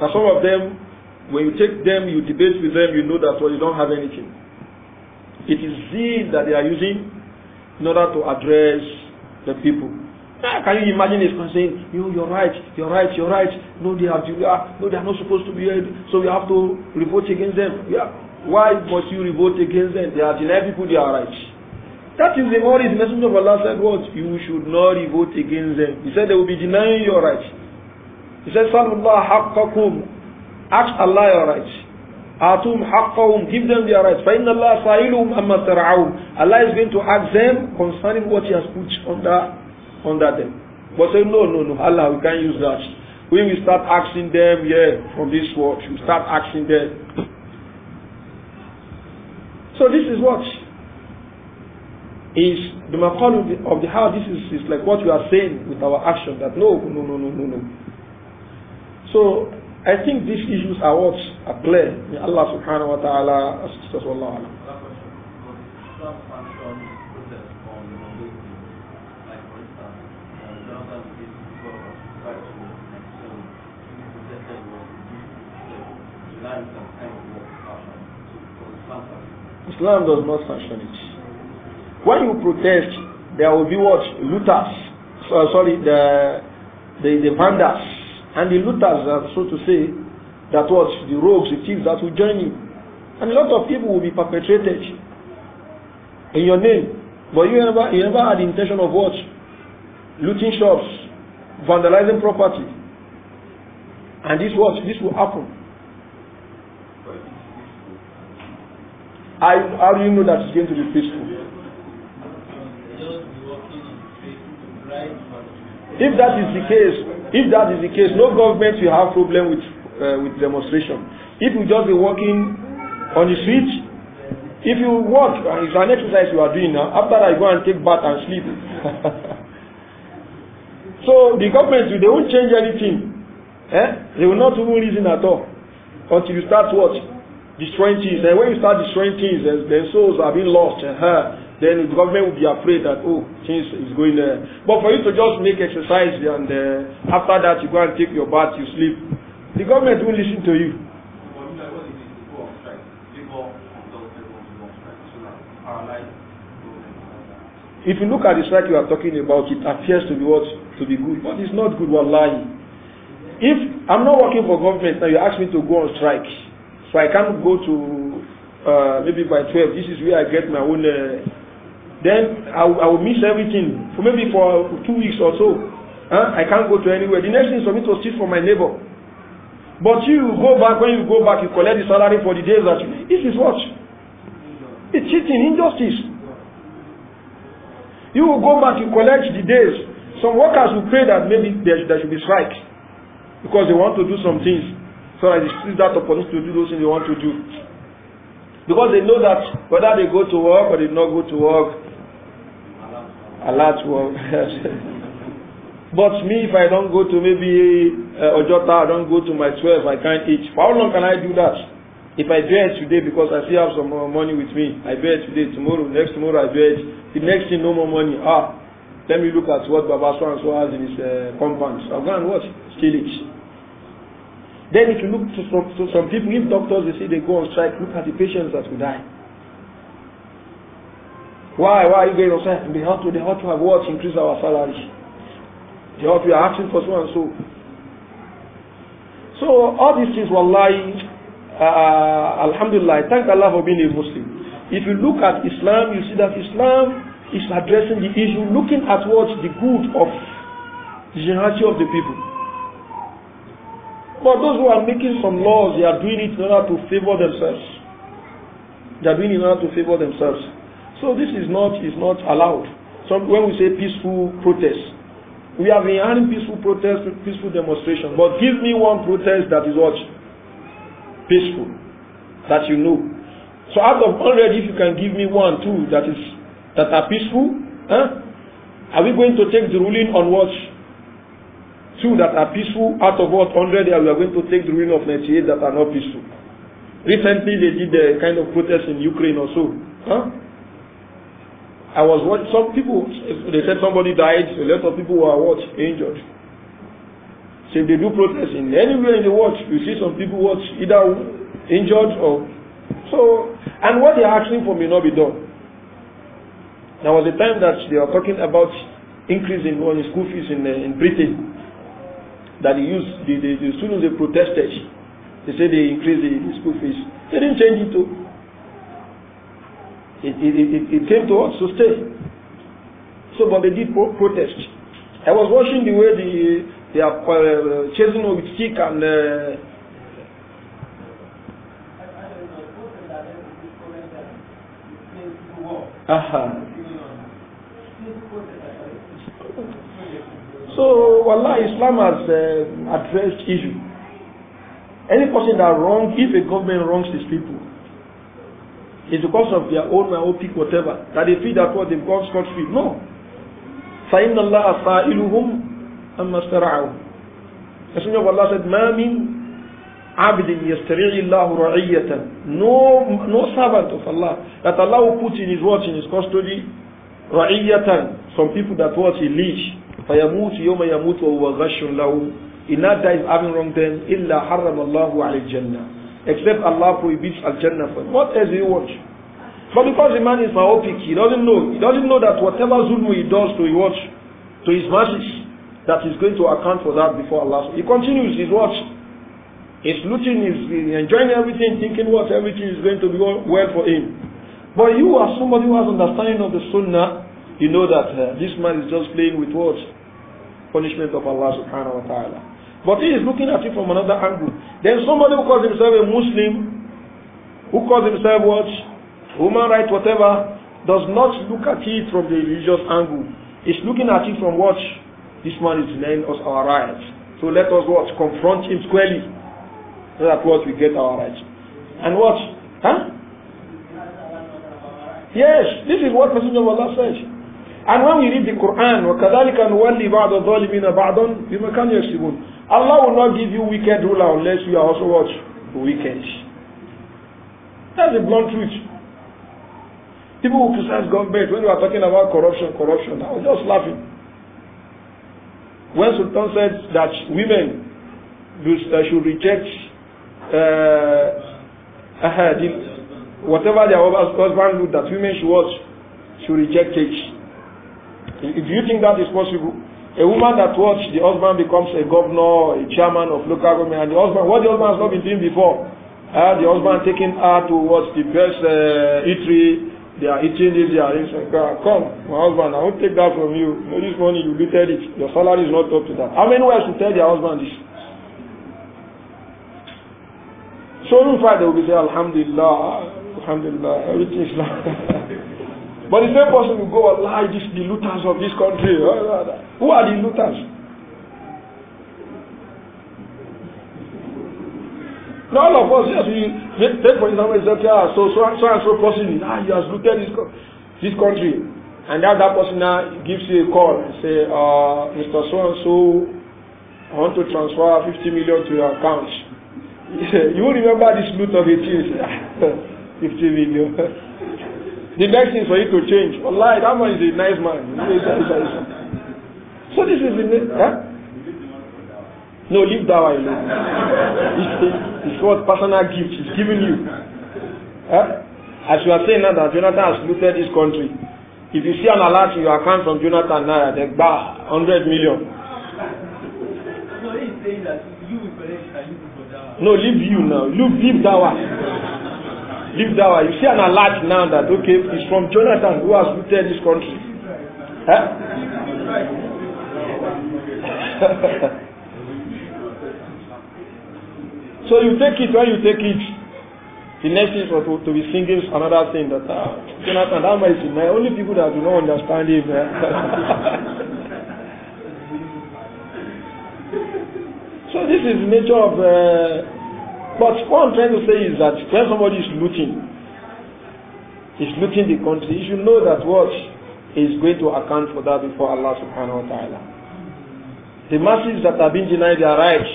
And some of them, when you take them, you debate with them, you know that well, you don't have anything. It is zeal that they are using in order to address the people. Now, ah, can you imagine this saying, you, you're right, you're right, you're right. No, they are, they are, no, they are not supposed to be here, so we have to revolt against them. Yeah. Why must you revolt against them? They are denying people their rights. That is the worry the Messenger of Allah said, what? You should not revolt against them. He said they will be denying your rights. He says, Salmullah haqqakum. Ask Allah your rights. Atum haqqahum. Give them their rights. فَإِنَّ Allah سَائِلُهُمْ Amma تَرْعَوْنَ Allah is going to ask them concerning what He has put under, under them. But say, no, no, no, Allah, we can't use that. We will start asking them, yeah, from this world. We start asking them. So this is what is the maqam of the, of the This is, is like what we are saying with our action that no, no, no, no, no, no. So I think these issues are what are clear. May Allah subhanahu wa ta'ala assist us wallahu alam. Uh, Islam does not sanction it. When you protest, there will be what? Looters. So, sorry, the, the, the vandals And the looters, uh, so to say, that was the rogues, the thieves that will join you. And a lot of people will be perpetrated in your name. But you never, you never had the intention of what? Looting shops, vandalizing property. And this was, This will happen. I, how do you know that it's going to be peaceful? If that is the case, if that is the case, no government will have problem with uh, with demonstration. If you just be walking on the street, if you walk and uh, it's an exercise you are doing now, after I go and take bath and sleep. so the government they won't change anything. Eh? They will not even reason at all until you start what destroying things. And when you start destroying things, their souls are being lost. Uh -huh then the government will be afraid that, oh, change is going there. Uh, but for you to just make exercise and uh, after that you go and take your bath, you sleep, the government won't listen to you. If you look at the strike you are talking about, it appears to be what to be good, but it's not good. lying. if I'm not working for government now, you ask me to go on strike, so I can't go to uh, maybe by twelve. This is where I get my own uh, then I, I will miss everything for maybe for two weeks or so. Huh? I can't go to anywhere. The next thing is for me to steal for my neighbor. But you go back, when you go back, you collect the salary for the days that you. This is what? It's cheating, injustice. You will go back, you collect the days. Some workers will pray that maybe there, there should be strike because they want to do some things so that they seize that opportunity to do those things they want to do. Because they know that whether they go to work or they not go to work, Allah to But me, if I don't go to maybe uh, Ojota, I don't go to my twelve. I can't eat. For how long can I do that? If I bear it today because I still have some more money with me, I bear it today, tomorrow, next tomorrow I bear it, the next thing no more money. Ah, let me look at what Baba so and so has in his uh, compound. So I'll go and watch, steal it. Then if you look to some, to some people, if doctors they say they go on strike, look at the patients that will die. Why? Why are you going getting upset? They have to, they have to have what? Increase our salary. They have to be asking for so and so. So all these things, wallahi, uh, uh alhamdulillah, thank Allah for being a Muslim. If you look at Islam, you see that Islam is addressing the issue, looking at what the good of the generality of the people. But those who are making some laws, they are doing it in order to favor themselves. They are doing it in order to favor themselves. So this is not is not allowed. So when we say peaceful protest, we have been having peaceful protest, peaceful demonstration. But give me one protest that is what peaceful, that you know. So out of hundred, if you can give me one, two that is that are peaceful, huh? Are we going to take the ruling on what? Two that are peaceful out of what hundred? We are going to take the ruling of ninety-eight that are not peaceful. Recently, they did a kind of protest in Ukraine also. Huh? I was watching some people, they said somebody died, a lot of people were what? Injured. So if they do protest in anywhere in the world, you see some people what? Either injured or. So, and what they are asking for may not be done. There was a time that they were talking about increasing on school fees in, uh, in Britain. That they used, the, the, the students they protested. They said they increased the, the school fees. They didn't change it too. It, it, it, it came to us to stay. So, but they did pro- protest. I was watching the way the, they are uh, chasing with stick and. Uh, Uh-huh. So, Allah, Islam has uh, addressed issue. Any person that wrongs, if a government wrongs his people, It's because of their own myopic whatever that they feel that what they've got scot free. No. فَإِنَّ اللَّهَ سَائِلُهُمْ أَمَّا اسْتَرَعَهُمْ Messenger of Allah said, مَا مِنْ عَبْدٍ يَسْتَرِعِ اللَّهُ رَعِيَّةً No, no servant of Allah that Allah will put in his watch, in his custody, رَعِيَّةً Some people that watch he leash. فَيَمُوتُ يَوْمَ يَمُوتُ وَهُوَ غَشٌ لَهُ He not dies having wronged them, إِلَّا حَرَّمَ اللَّهُ عَلَى الْجَنَّةِ except Allah prohibits Al-Jannah for him. What else do you want? But because the man is myopic, he doesn't know. He doesn't know that whatever zulm he does to he watch, to his masses, that he's going to account for that before Allah. He continues his watch. He's looting, he's, enjoying everything, thinking what everything is going to be well for him. But you are somebody who has understanding of the sunnah, you know that uh, this man is just playing with what? Punishment of Allah subhanahu wa ta'ala. But he is looking at it from another angle. Then somebody who calls himself a Muslim, who calls himself what? Human rights, whatever, does not look at it from the religious angle. He's looking at it from what? This man is denying us our rights. So let us what? Confront him squarely. So that what we get our rights. And what? Huh? Yes, this is what Messenger of Allah says. And when we read the Quran, وَكَذَلِكَ نُوَلِّي بَعْضَ الظَّالِمِينَ بَعْضًا بِمَا كَانُوا يَكْسِبُونَ Allah will not give you wicked ruler unless you are also what? Wicked. That's the blunt truth. People who criticize government when we are talking about corruption, corruption, I was just laughing. When Sultan said that women uh, should reject uh, uh whatever their husband would, that women should watch, should reject it. Do you think that is possible? A woman that watch the husband becomes a governor, a chairman of local government, and the husband, what the husband has not been doing before, uh, the husband taking her to watch the best uh, eatery. They are eating this, they are eating. Come, my husband, I won't take that from you. you know, this money you looted it. Your salary is not up to that. How many wives will tell their husband this? So in fact they will be saying, Alhamdulillah, Alhamdulillah, everything is But the same person will go and lie, this the looters of this country. Who are the looters? Now all of us, yes, we take for example, Ethiopia, ah, so so and so and so person, ah, he has looted this, this country. And that, that person now gives you a call and say, uh, ah, Mr. So and so, I want to transfer 50 million to your account. you will remember this loot of 18, 50 ah, million. The next thing for you to change. Allah, that man is a nice man. So this is the huh? No, leave that one alone. It's, it's what personal gift he's giving you. Huh? As you are saying now that Jonathan has looted this country, if you see an alert in your account from Jonathan now, then bah, hundred million. No, leave you now. Leave, leave that one. Leave that one. You see an alert now that, okay, it's from Jonathan who has looted this country. Huh? so you take it when you take it. The next is to, to be singing another thing that, ah, Jonathan, that might be my only people that do not understand him. so this is the nature of. Uh, But what I'm trying to say is that when somebody is looting, is looting the country, you should know that what is going to account for that before Allah subhanahu wa ta'ala. The masses that have been denied their rights,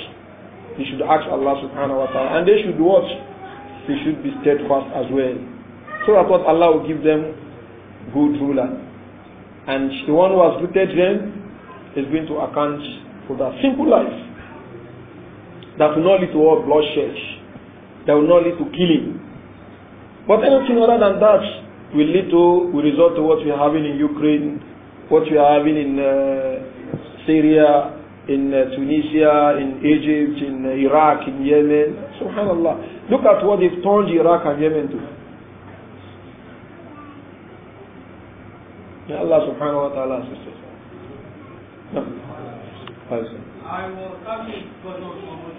they should ask Allah subhanahu wa ta'ala. And they should watch. They should be steadfast as well. So that what Allah will give them good ruler. And the one who has looted them is going to account for that simple life that will not lead to all bloodshed, that will not lead to killing. But anything other than that will lead to, will result to what we are having in Ukraine, what we are having in uh, Syria, in uh, Tunisia, in Egypt, in uh, Iraq, in Yemen. Subhanallah. Look at what they've turned Iraq and Yemen to. May Allah subhanahu wa ta'ala assist us. I will come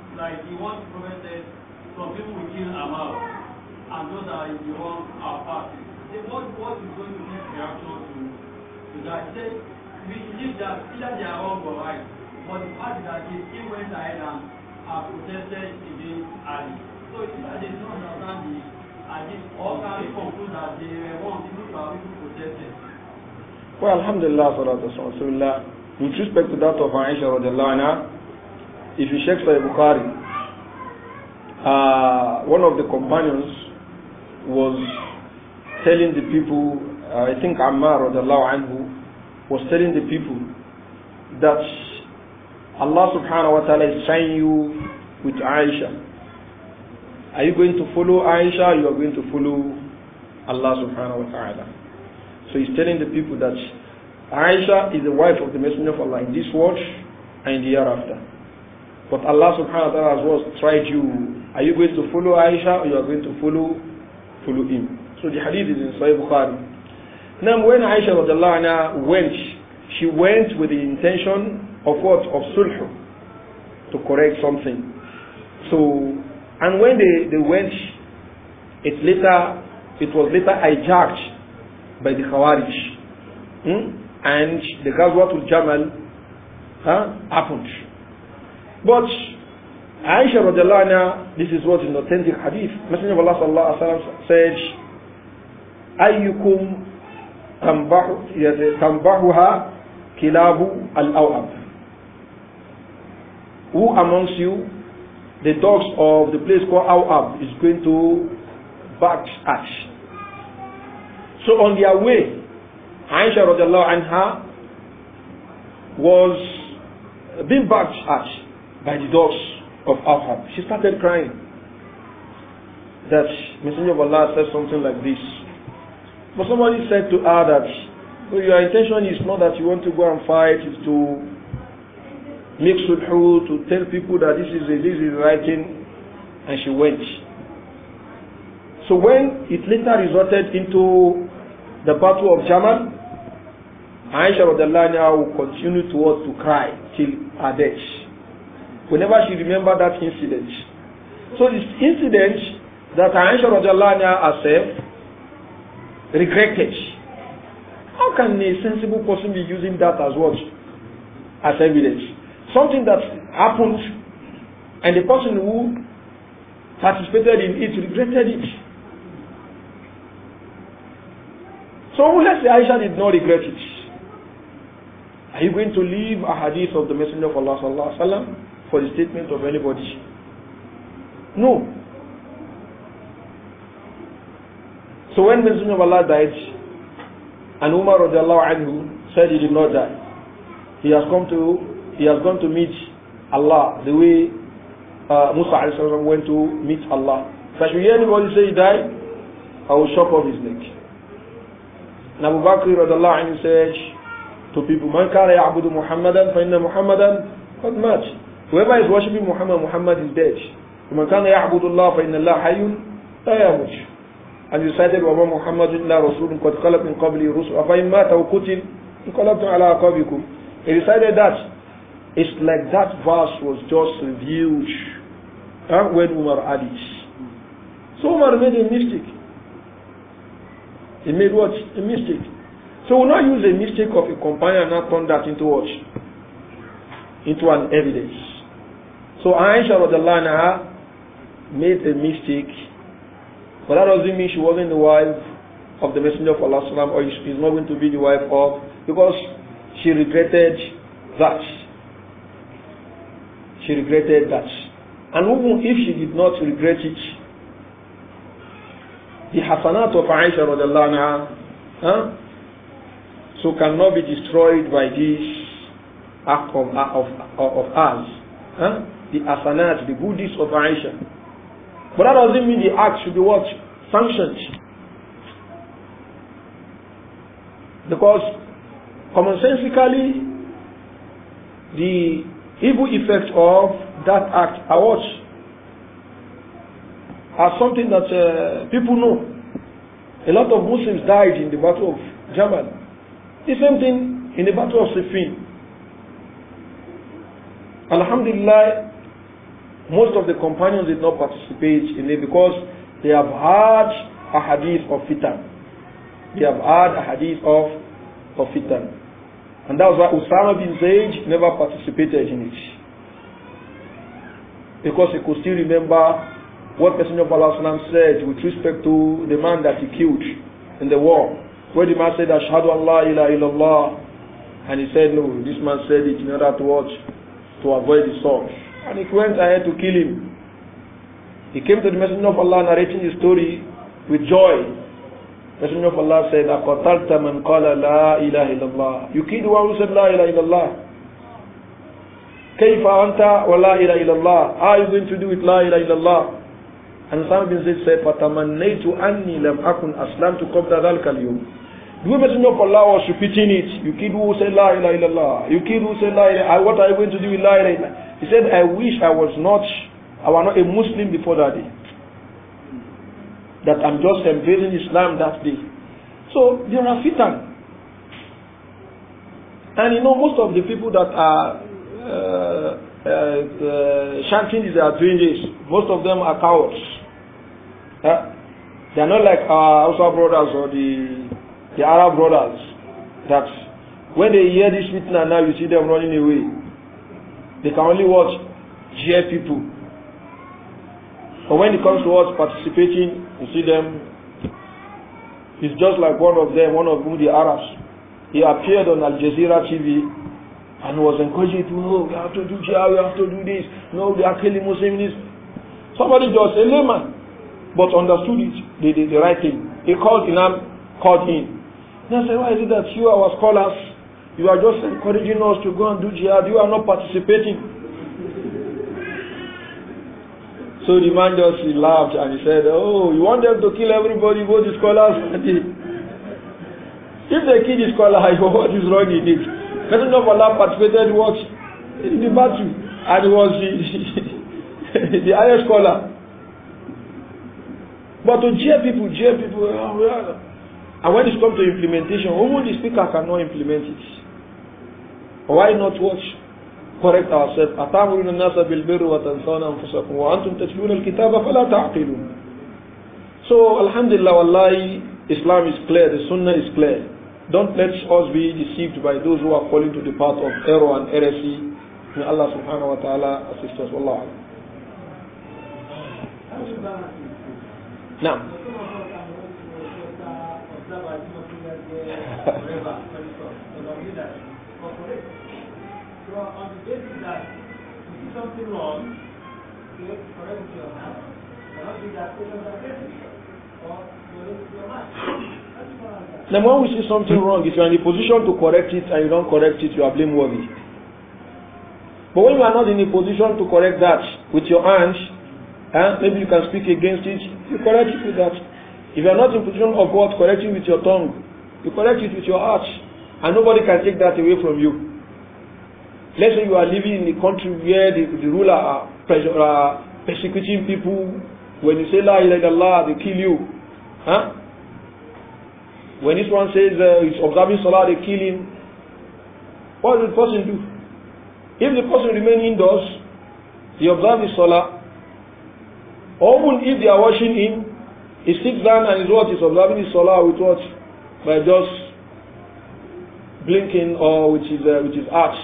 like the one prophet said, some people will kill Amal, and those are the wrong are party. Then what, what is going to be the reaction to, to that? He we believe that either they are wrong or right, but the fact that they still went ahead and are protested against Ali. So it's that they don't understand the Hadith or can conclude that they were wrong even if our protested. Well, alhamdulillah, salatu wa sallam. With respect to that of Aisha radiallahu anha, If you check Sahih Bukhari, uh, one of the companions was telling the people, uh, I think Ammar anhu, was telling the people that Allah subhanahu wa ta'ala is trying you with Aisha. Are you going to follow Aisha? You are going to follow Allah subhanahu wa ta'ala. So he's telling the people that Aisha is the wife of the Messenger of Allah in this world and in the hereafter. But Allah subhanahu wa ta'ala has once tried you. Are you going to follow Aisha or you are going to follow follow him? So the hadith is in Sahih Bukhari. Now when Aisha anha went, she went with the intention of what? Of sulh, to correct something. So, and when they, they went, it later, it was later hijacked by the Khawarij. Hmm? And the Ghazwatul Jamal huh, happened. But Aisha radiallahu anha, this is what is the authentic hadith. Messenger of Allah sallallahu alaihi wasallam said, "Ayyukum tambahuha kilabu al-awab." Who amongst you, the dogs of the place called Awab, is going to bark at? So on their way, Aisha radiallahu anha was being barked at by the dogs of Ahab. She started crying that Messenger of Allah said something like this. But somebody said to her that well, oh, your intention is not that you want to go and fight, it's to make sulhu, to tell people that this is a, this is writing, and she went. So when it later resulted into the battle of Jamal, Aisha will continue to, to cry till her death whenever she remembered that incident. So this incident that Aisha Rajalanya herself regretted. How can a sensible person be using that as what? As evidence. Something that happened and the person who participated in it regretted it. So let's say Aisha did not regret it. Are you going to leave a hadith of the Messenger of Allah sallallahu alaihi wasallam? for the statement of anybody. No. So when Messenger of Allah died, and Umar anhu said he did not die, he has come to he has gone to meet Allah the way uh, Musa went to meet Allah. If I should hear anybody say he died, I will chop off his neck. And Abu Bakr anhu said to people, Man kara ya'budu Muhammadan fa inna Muhammadan qad mat. Whoever is worshipping Muhammad, Muhammad is dead. وَمَنْ كَانَ يَعْبُدُ اللَّهَ فَإِنَّ اللَّهَ حَيٌّ لَا يَمُوتُ And you cited وَمَا مُحَمَّدٌ إِلَّا رَسُولٌ قَدْ خَلَتْ مِنْ قَبْلِهِ رُسُلٌ أَفَإِنْ مَاتَ أَوْ قُتِلَ انقلبتم على أعقابكم. He recited that. It's like that verse was just revealed huh, when Umar had it. So Umar made a mystic. He made what? A mystic. So we'll not use a mystic of a companion and not turn that into what? Into an evidence. So Aisha anha made a mistake, but that doesn't mean she wasn't the wife of the Messenger of Allah Salaam, or she's not going to be the wife of, because she regretted that. She regretted that. And even if she did not regret it, the hasanat of Aisha of the huh, so cannot be destroyed by this act of, of, of, of Huh? the asanat, the Buddhist operation. of But that doesn't mean the act should be what? Sanctioned. Because commonsensically, the evil effect of that act are what? Are something that uh, people know. A lot of Muslims died in the Battle of Jamal. The same thing in the Battle of Siffin. Alhamdulillah, most of the companions did not participate in it because they have had a hadith of fitan. They have had a hadith of, of fitan. And that's why Usama bin Zayd never participated in it. Because he could still remember what Messenger of Allah said with respect to the man that he killed in the war. Where the man said, Ashhadu Allah ila illallah. And he said, no, this man said it in order to watch, to avoid the sword. And he went ahead to kill him. He came to the Messenger of Allah narrating his story with joy. The Messenger of Allah said, أَقَتَلْتَ مَنْ قَالَ لَا إِلَهِ إِلَّا اللَّهِ You killed one who said, لَا إِلَهِ إِلَّا اللَّهِ كيف أنت ولا إله إلا الله How are you going to do it لا إله إلا الله And Sa'ad bin Zayd said فَتَمَنَّيْتُ أَنِّي لَمْ أَكُنْ أَسْلَمْتُ قَبْلَ ذَلْكَ الْيَوْمِ the Messenger of Allah was repeating it. You kid who say La ilaha illallah. You kid who say La ilaha What are you going to do with La ilaha He said, I wish I was not, I was not a Muslim before that day. That I'm just embracing Islam that day. So there are fitan. And you know, most of the people that are uh, uh, uh, chanting these are doing this. Most of them are cowards. Uh, they are not like our Hausa brothers or the the Arab brothers, that when they hear this fitna now, you see them running away. They can only watch jeer people. But when it comes to us participating, you see them, it's just like one of them, one of whom the Arabs. He appeared on Al Jazeera TV and was encouraging people, oh, we have to do jihad, we have to do this, no, they are killing Muslims. Somebody just, a layman, but understood it, the, the, the right thing. He called Imam, called in. Then I said, why is it that you, are our scholars, you are just encouraging us to go and do jihad, you are not participating. So the man just he laughed and he said, oh, you want them to kill everybody, both the scholars and the... If they kill the scholar, what is wrong in it? President of Allah participated what? In the battle. And he was the, the highest scholar. But to jeer people, jeer people, oh, and when it comes to implementation, even the speaker cannot implement it. Why not watch? Correct ourselves. أتعمرون الناس بالبر وتنسون أنفسكم وأنتم تتلون الكتاب فلا تعقلون. So, Alhamdulillah, Wallahi, Islam is clear, the Sunnah is clear. Don't let us be deceived by those who are falling to the path of error and heresy. May Allah subhanahu wa ta'ala assist us. Allah. Now. Then when we see something wrong, if you are in a position to correct it and you don't correct it, you are blameworthy. But when you are not in a position to correct that with your hands, eh, maybe you can speak against it, you correct it with that. If you are not in position of what? Correcting with your tongue. You correct it with your heart. And nobody can take that away from you. Let's say you are living in a country where the, the ruler are, pressure, are persecuting people. When you say La ilaha illallah, they kill you. Huh? When this one says uh, he's observing Salah, they kill him. What will the person do? If the person remain indoors, he observes Salah. Or even if they are washing him, He Istikzan and his watch is observing his salah with watch By just blinking or with his, uh, with his arch.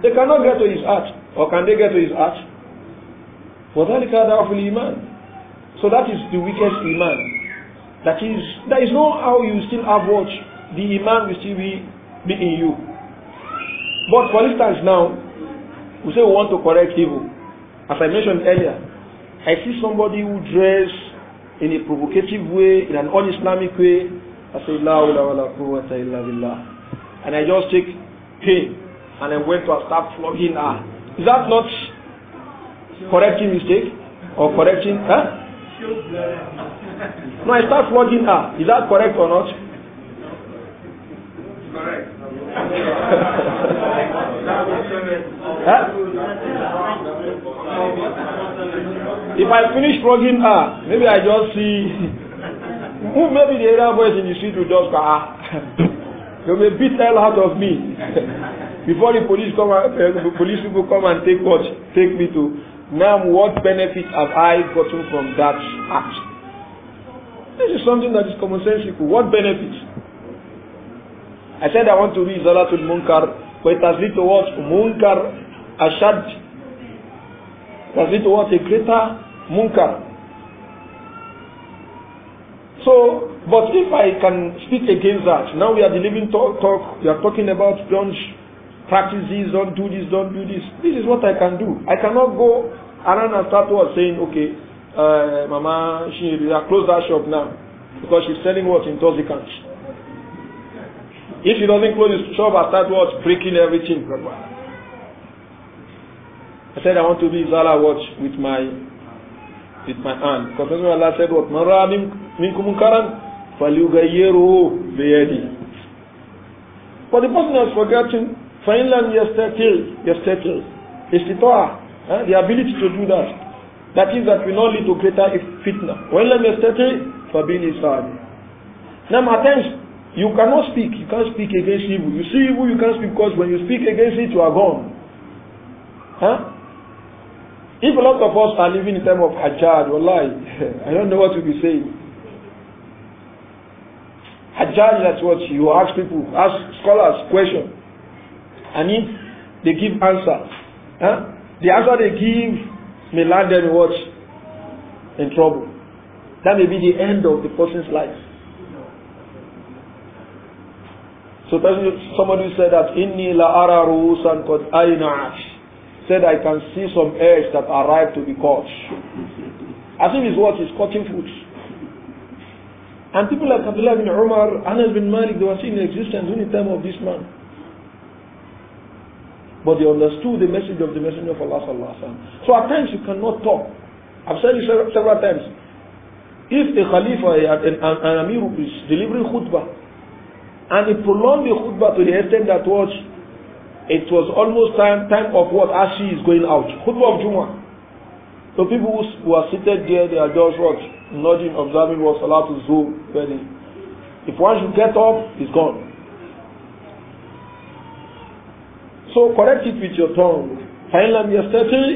They cannot get to his arch. Or can they get to his arch? For that وَذَلِكَ دَعْفُ الْإِيمَانِ So that is the weakest iman. That is, that is not how you still have watch. The iman will still be, be in you. But for instance now, we say we want to correct evil. As I mentioned earlier, I see somebody who dress in a provocative way, in an un-Islamic way, I say, La ilaha quwwata illa billah. And I just take pain and I went to start flogging her. Is that not correcting mistake or correcting? Huh? No, I start flogging her. Is that correct or not? Correct. If I finish flogging her, ah, maybe I just see who maybe the other boys in the street will just ah You may beat hell out of me before the police come and uh, police people come and take what take me to now what benefit have I gotten from that act? This is something that is commonsensical. What benefit? I said I want to read Zalatul Munkar, but it has led to Munkar Ashad. It has led to A greater Munkar. So, but if I can speak against that, now we are delivering talk, talk, we are talking about don't practice this, don't do this, don't do this. This is what I can do. I cannot go around and start saying, okay, uh, Mama, she, close that shop now because she's selling what? country. If he doesn't close his shop I start watch breaking everything. I said, I want to be Zala watch with my with my hand. Because Allah said, What Mara minkum karan, falyugayiru biyadi. But the person has forgotten, Finland yesterday, yesterday, istita'a, the ability to do that. That is that we not lead to greater fitna. When lam yastati, fabili sa'adi. Now at times, You cannot speak. You can't speak against evil. You see evil, you can't speak because when you speak against it, you are gone. Huh? If a lot of us are living in time of Hajjad, wallahi, I don't know what to be saying. Hajjad, that's what you ask people, ask scholars question. And if they give answer, huh? the answer they give may land them in what? In trouble. That may be the end of the person's life. So somebody said that inni la ara ruusan qad Said I can see some hairs that arrived to be caught. I think his watch is cutting food. And people like Abdullah bin Umar, Anas bin Malik, they were seeing the existence during the time of this man. But they understood the message of the Messenger of Allah sallallahu So at times you cannot talk. I've said it several times. If a Khalifa, and a an Amir is delivering khutbah, and he prolonged the khutbah to the extent that what it was almost time time of what as she is going out. Khutbah of Juma. So people who are seated there, they are just what nodding, observing what Salatul Zuhr very. If one should get up, it's gone. So correct it with your tongue. Finally, فإن لم يستطع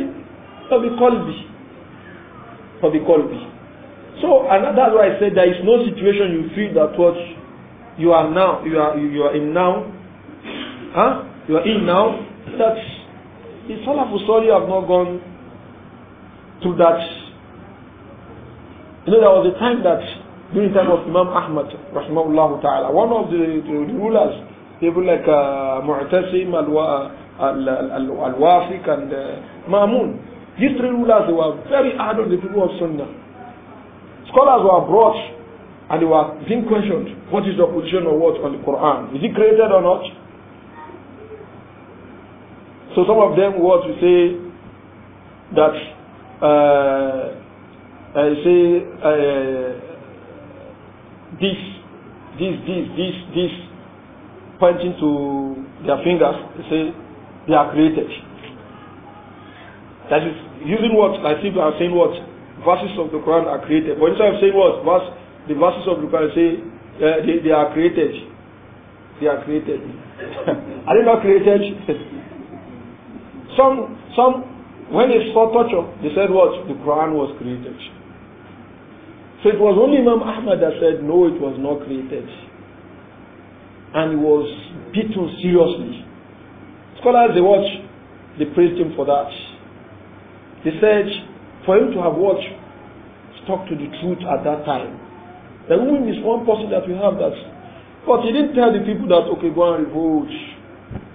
فبقلبي فبقلبي. So and that's why I said there is no situation you feel that what you are now you are you are in now huh you are in now that the Salafus Sali have not gone through that you know there was a time that during the time of Imam Ahmad rahimahullah ta'ala one of the, the, the rulers people like uh, Mu'tasim Al-Wafiq uh, and uh, Ma'mun these three rulers they were very hard on the people of Sunnah scholars were brought and they were being questioned what is the position of what on the Quran? Is it created or not? So some of them were to say that uh, say uh, this, this, this, this, this, pointing to their fingers, they say they are created. That is using what, I think they are saying what, verses of the Quran are created. But instead of saying what, verse the verses of Bukhari say uh, they, they are created. They are created. are they not created? some, some, when they saw torture, they said what? The Quran was created. So it was only Imam Ahmad that said, no, it was not created. And he was beaten seriously. Scholars, they watch, they praised him for that. They said, for him to have watched, stuck to the truth at that time, the woman is one person that we have that. But he didn't tell the people that, okay, go and revolt.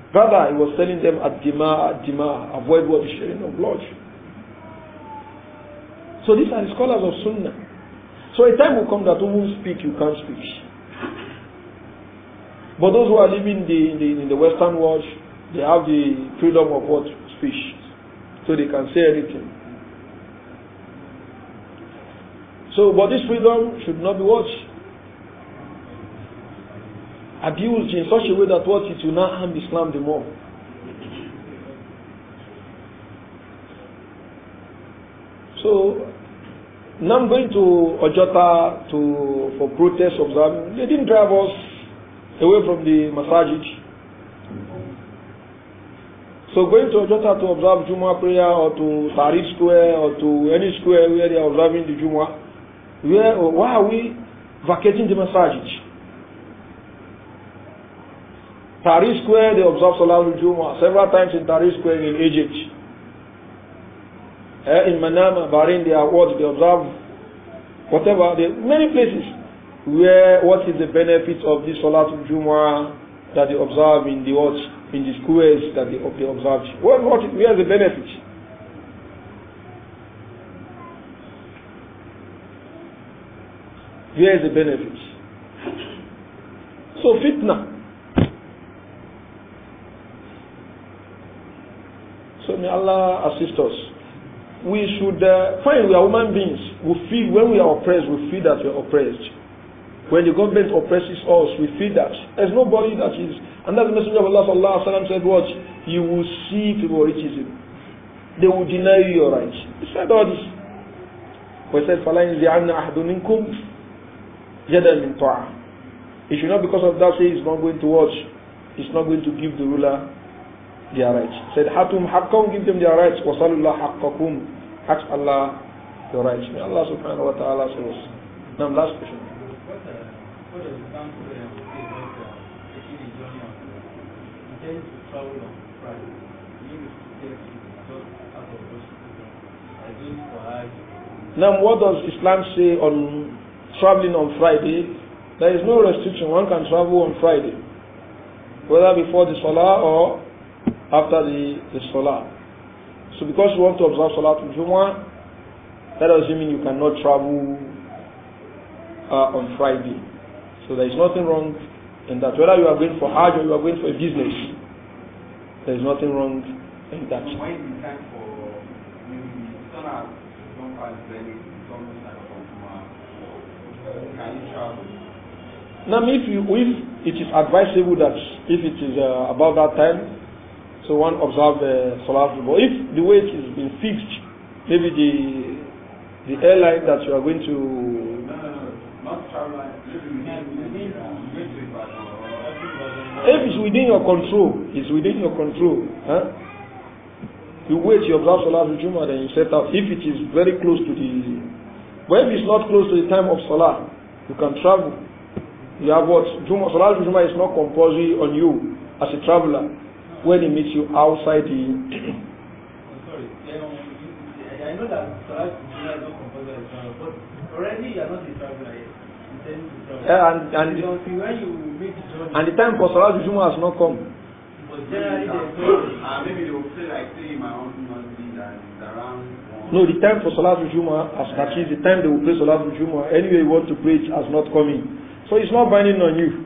Rather, he was telling them at Dima, at Dima, avoid what the sharing of blood. So these are the scholars of Sunnah. So a time will come that women speak, you can't speak. But those who are living in the, in the, in the Western world, they have the freedom of what? Speech. So they can say anything. So, but this freedom should not be abused in such a way that what it will not harm Islam the more. So, now I'm going to Ojota to for protest observing. They didn't drive us away from the masajid. So going to Ojota to observe Jumu'ah prayer or to Tariq Square or to any square where they are observing the Jumu'ah, where, why are we vacating the masajid? Tahrir Square, they observe Salatul Jumu'ah several times in Tahrir Square in Egypt. Eh, in Manama, Bahrain, they are what? They observe whatever, they, many places where what is the benefit of this Salatul Jumu'ah that they observe in the in the squares that they, they observe? What, what, where is the benefit? Where is the benefit? So fitna. So may Allah assist us. We should uh, find we are human beings. We feel when we are oppressed, we feel that we are oppressed. When the government oppresses us, we feel that there's nobody that is. And that's the Messenger of Allah Allah said, "What you will see favoritism. They will deny you your rights." He said all this. Jadal min ta'ah. It should not because of that say he's not going to watch, he's not going to give the ruler their rights. Said Hatum Hakkum, give them their rights. Wasalullah Hakkakum, ask Allah your rights. May Allah subhanahu wa ta'ala save us. Now last question. Now, what does Islam say on traveling on Friday, there is no restriction. One can travel on Friday, whether before the Salah or after the, the Salah. So because you want to observe Salah to Jumu'ah, that doesn't mean you cannot travel uh, on Friday. So there is nothing wrong in that. Whether you are going for Hajj or you are going for a business, there is nothing wrong in that. Now, if, you, if it is advisable that if it is uh, about that time, so one observe the solar But if the weight has been fixed, maybe the the airline that you are going to. No, no, no. Not If it's within your control, it's within your control. Huh? You wait, you observe solar Juma, then you set out. If it is very close to the but if it's not close to the time of Salah, you can travel. You have what? Juma, Salah Juma is not compulsory on you as a traveler when it meets you outside the. sorry, I know that Salah Juma is not compulsory but already you are not a traveler yet. And, and, and the time for Salah Juma has not come. No, the time for Salatul Juma, as that is the time they will pray Salatul Juma. Anyway, you want to pray, has not come So it's not binding on you.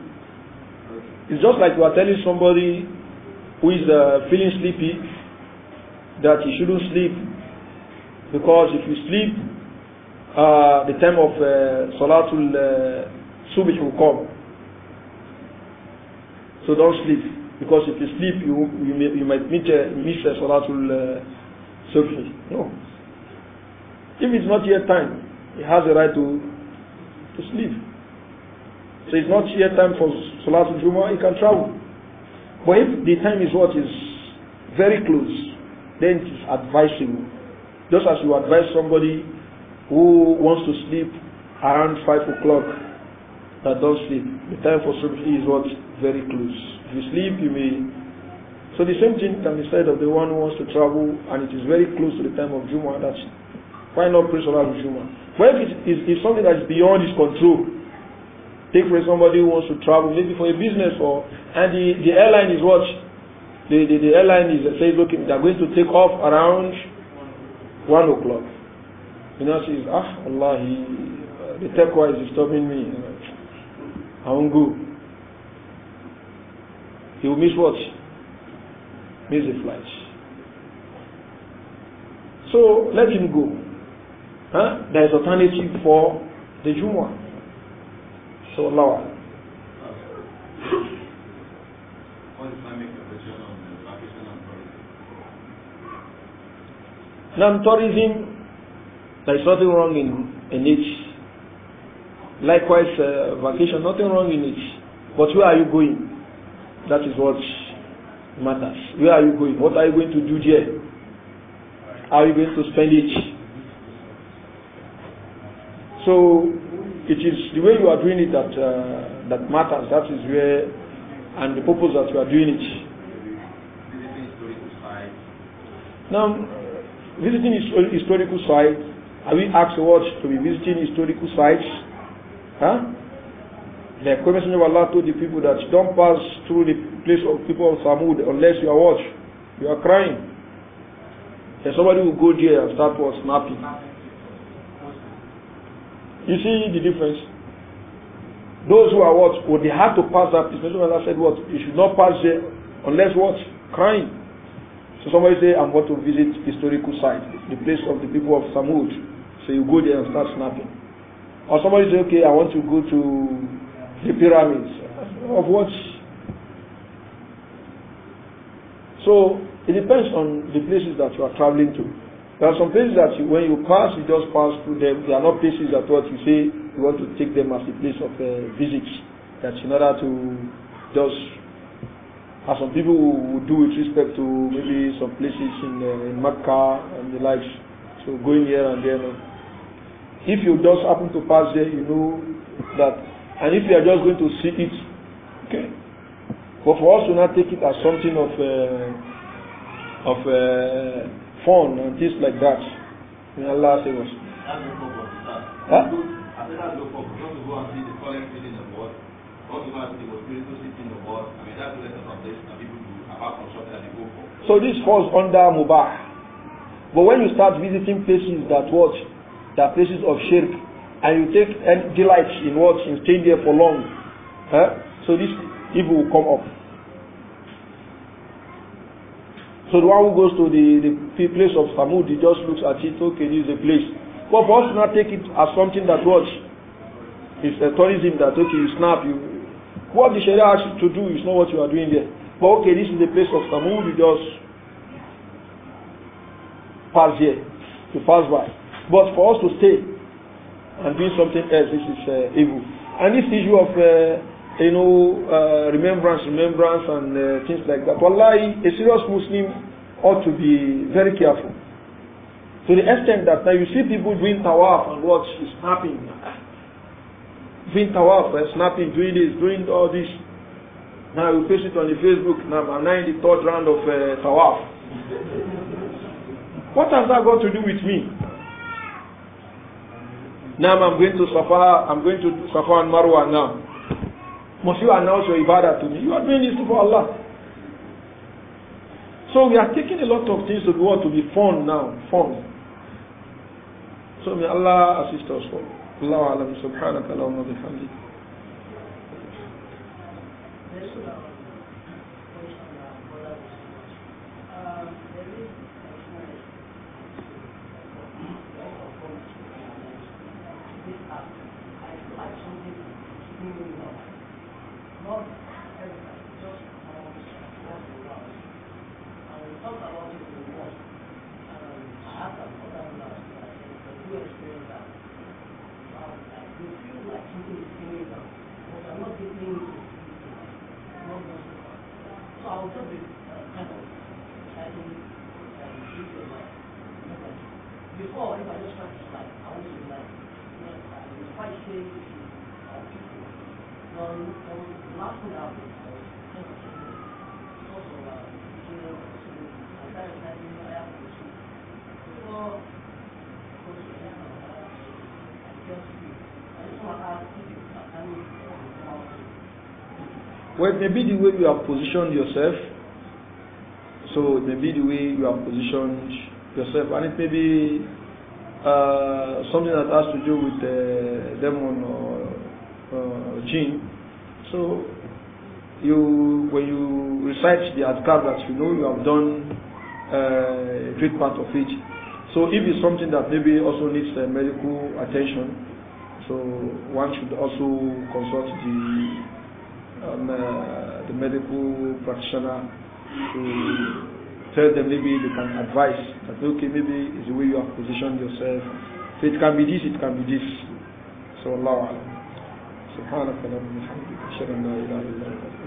It's just like you are telling somebody who is uh, feeling sleepy that he shouldn't sleep because if you sleep, uh, the time of uh, Salatul uh, will come. So don't sleep. Because if you sleep, you, you, may, you might meet, miss a Salatul uh, No. If it's not yet time, he has the right to, to sleep. So it's not yet time for Salatul Jummah, he can travel. But if the time is what is very close, then it is advisable. Just as you advise somebody who wants to sleep around 5 o'clock that don't sleep, the time for sleep is what? very close. If you sleep, you may. So the same thing can be said of the one who wants to travel and it is very close to the time of Juma. That's why not pray Salah with Juma. But if it is something that is beyond his control, take for somebody who wants to travel, maybe for a business or and the, the airline is what the, the, the airline is saying, says they're going to take off around one o'clock. You know she says, Ah Allah he, the tech is disturbing me. I won't go. He will miss what? Miss the flight. So let him go. Huh? There is alternative for the Jumu'ah. So Allah. non tourism, there is nothing wrong in, in it. Likewise, uh, vacation, nothing wrong in it. But where are you going? That is what matters. Where are you going? What are you going to do there? How are you going to spend it? So it is the way you are doing it that uh, that matters. That is where and the purpose that you are doing it. Now, visiting historical sites, are we asked what to be visiting historical sites? Huh? The Messenger of Allah told the people that don't pass through the place of people of Samud unless you are watched. You are crying. And somebody will go there and start Snapping. You see the difference? Those who are watched oh, Well, they had to pass that place. Messenger of Allah said what? You should not pass there unless watched. Crying. So somebody say, I'm going to visit historical site, the place of the people of Samud. So you go there and start snapping. Or somebody say, okay, I want to go to the pyramids. Of what? So it depends on the places that you are traveling to. There are some places that you, when you pass, you just pass through them. They are not places that what you say you want to take them as a place of uh, visits. That's in order to just, as some people do with respect to maybe some places in, uh, in Mecca and the likes. So going here and there. If you just happen to pass there, you know that And if you are just going to see it, okay. But for us to not take it as something of uh, of uh, fun and things like that, may Allah save us. So this falls under Mubah. But when you start visiting places that watch, that places of shirk, and you take and delight in what you stay there for long. Huh? So this evil will come up. So the one who goes to the, the place of Samud, he just looks at it, okay, this is the place. But for us to not take it as something that works, It's a tourism that, okay, you snap, you. What the Sharia asks you to do is not what you are doing there. But okay, this is the place of Samud, you just pass here, you pass by. But for us to stay, and doing something else this is uh, evil. And this issue of uh, you know uh, remembrance, remembrance, and uh, things like that. Wallahi, a serious Muslim ought to be very careful. To the extent that now you see people doing tawaf and what is snapping, doing tawaf and uh, snapping, doing this, doing all this. Now you post it on the Facebook. Now I'm now in the third round of uh, tawaf. What has that got to do with me? Now I'm going to Safa, I'm going to Safa and Marwa now. Must you announce your ibadah to me? You are doing this for Allah. So we are taking a lot of things to the world to be fun now, fun. So may Allah assist us for Allah alam subhanaka Allahumma bihamdik. Well, maybe the way you have positioned yourself. So maybe the way you have positioned yourself, and it may be uh, something that has to do with uh, demon or uh, jinn. Uh, so you, when you recite the adkar that you know, you have done uh, a great part of it. So if it's something that maybe also needs uh, medical attention, so one should also consult the um, uh, the medical practitioner to tell them maybe they can advise that okay maybe it's the way you have positioned yourself. So it can be this, it can be this. So Allah. سبحانك اللهم وبحمدك اشهد ان لا اله الا انت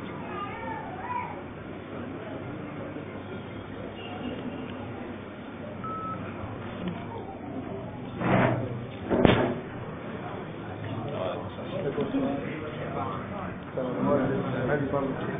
البر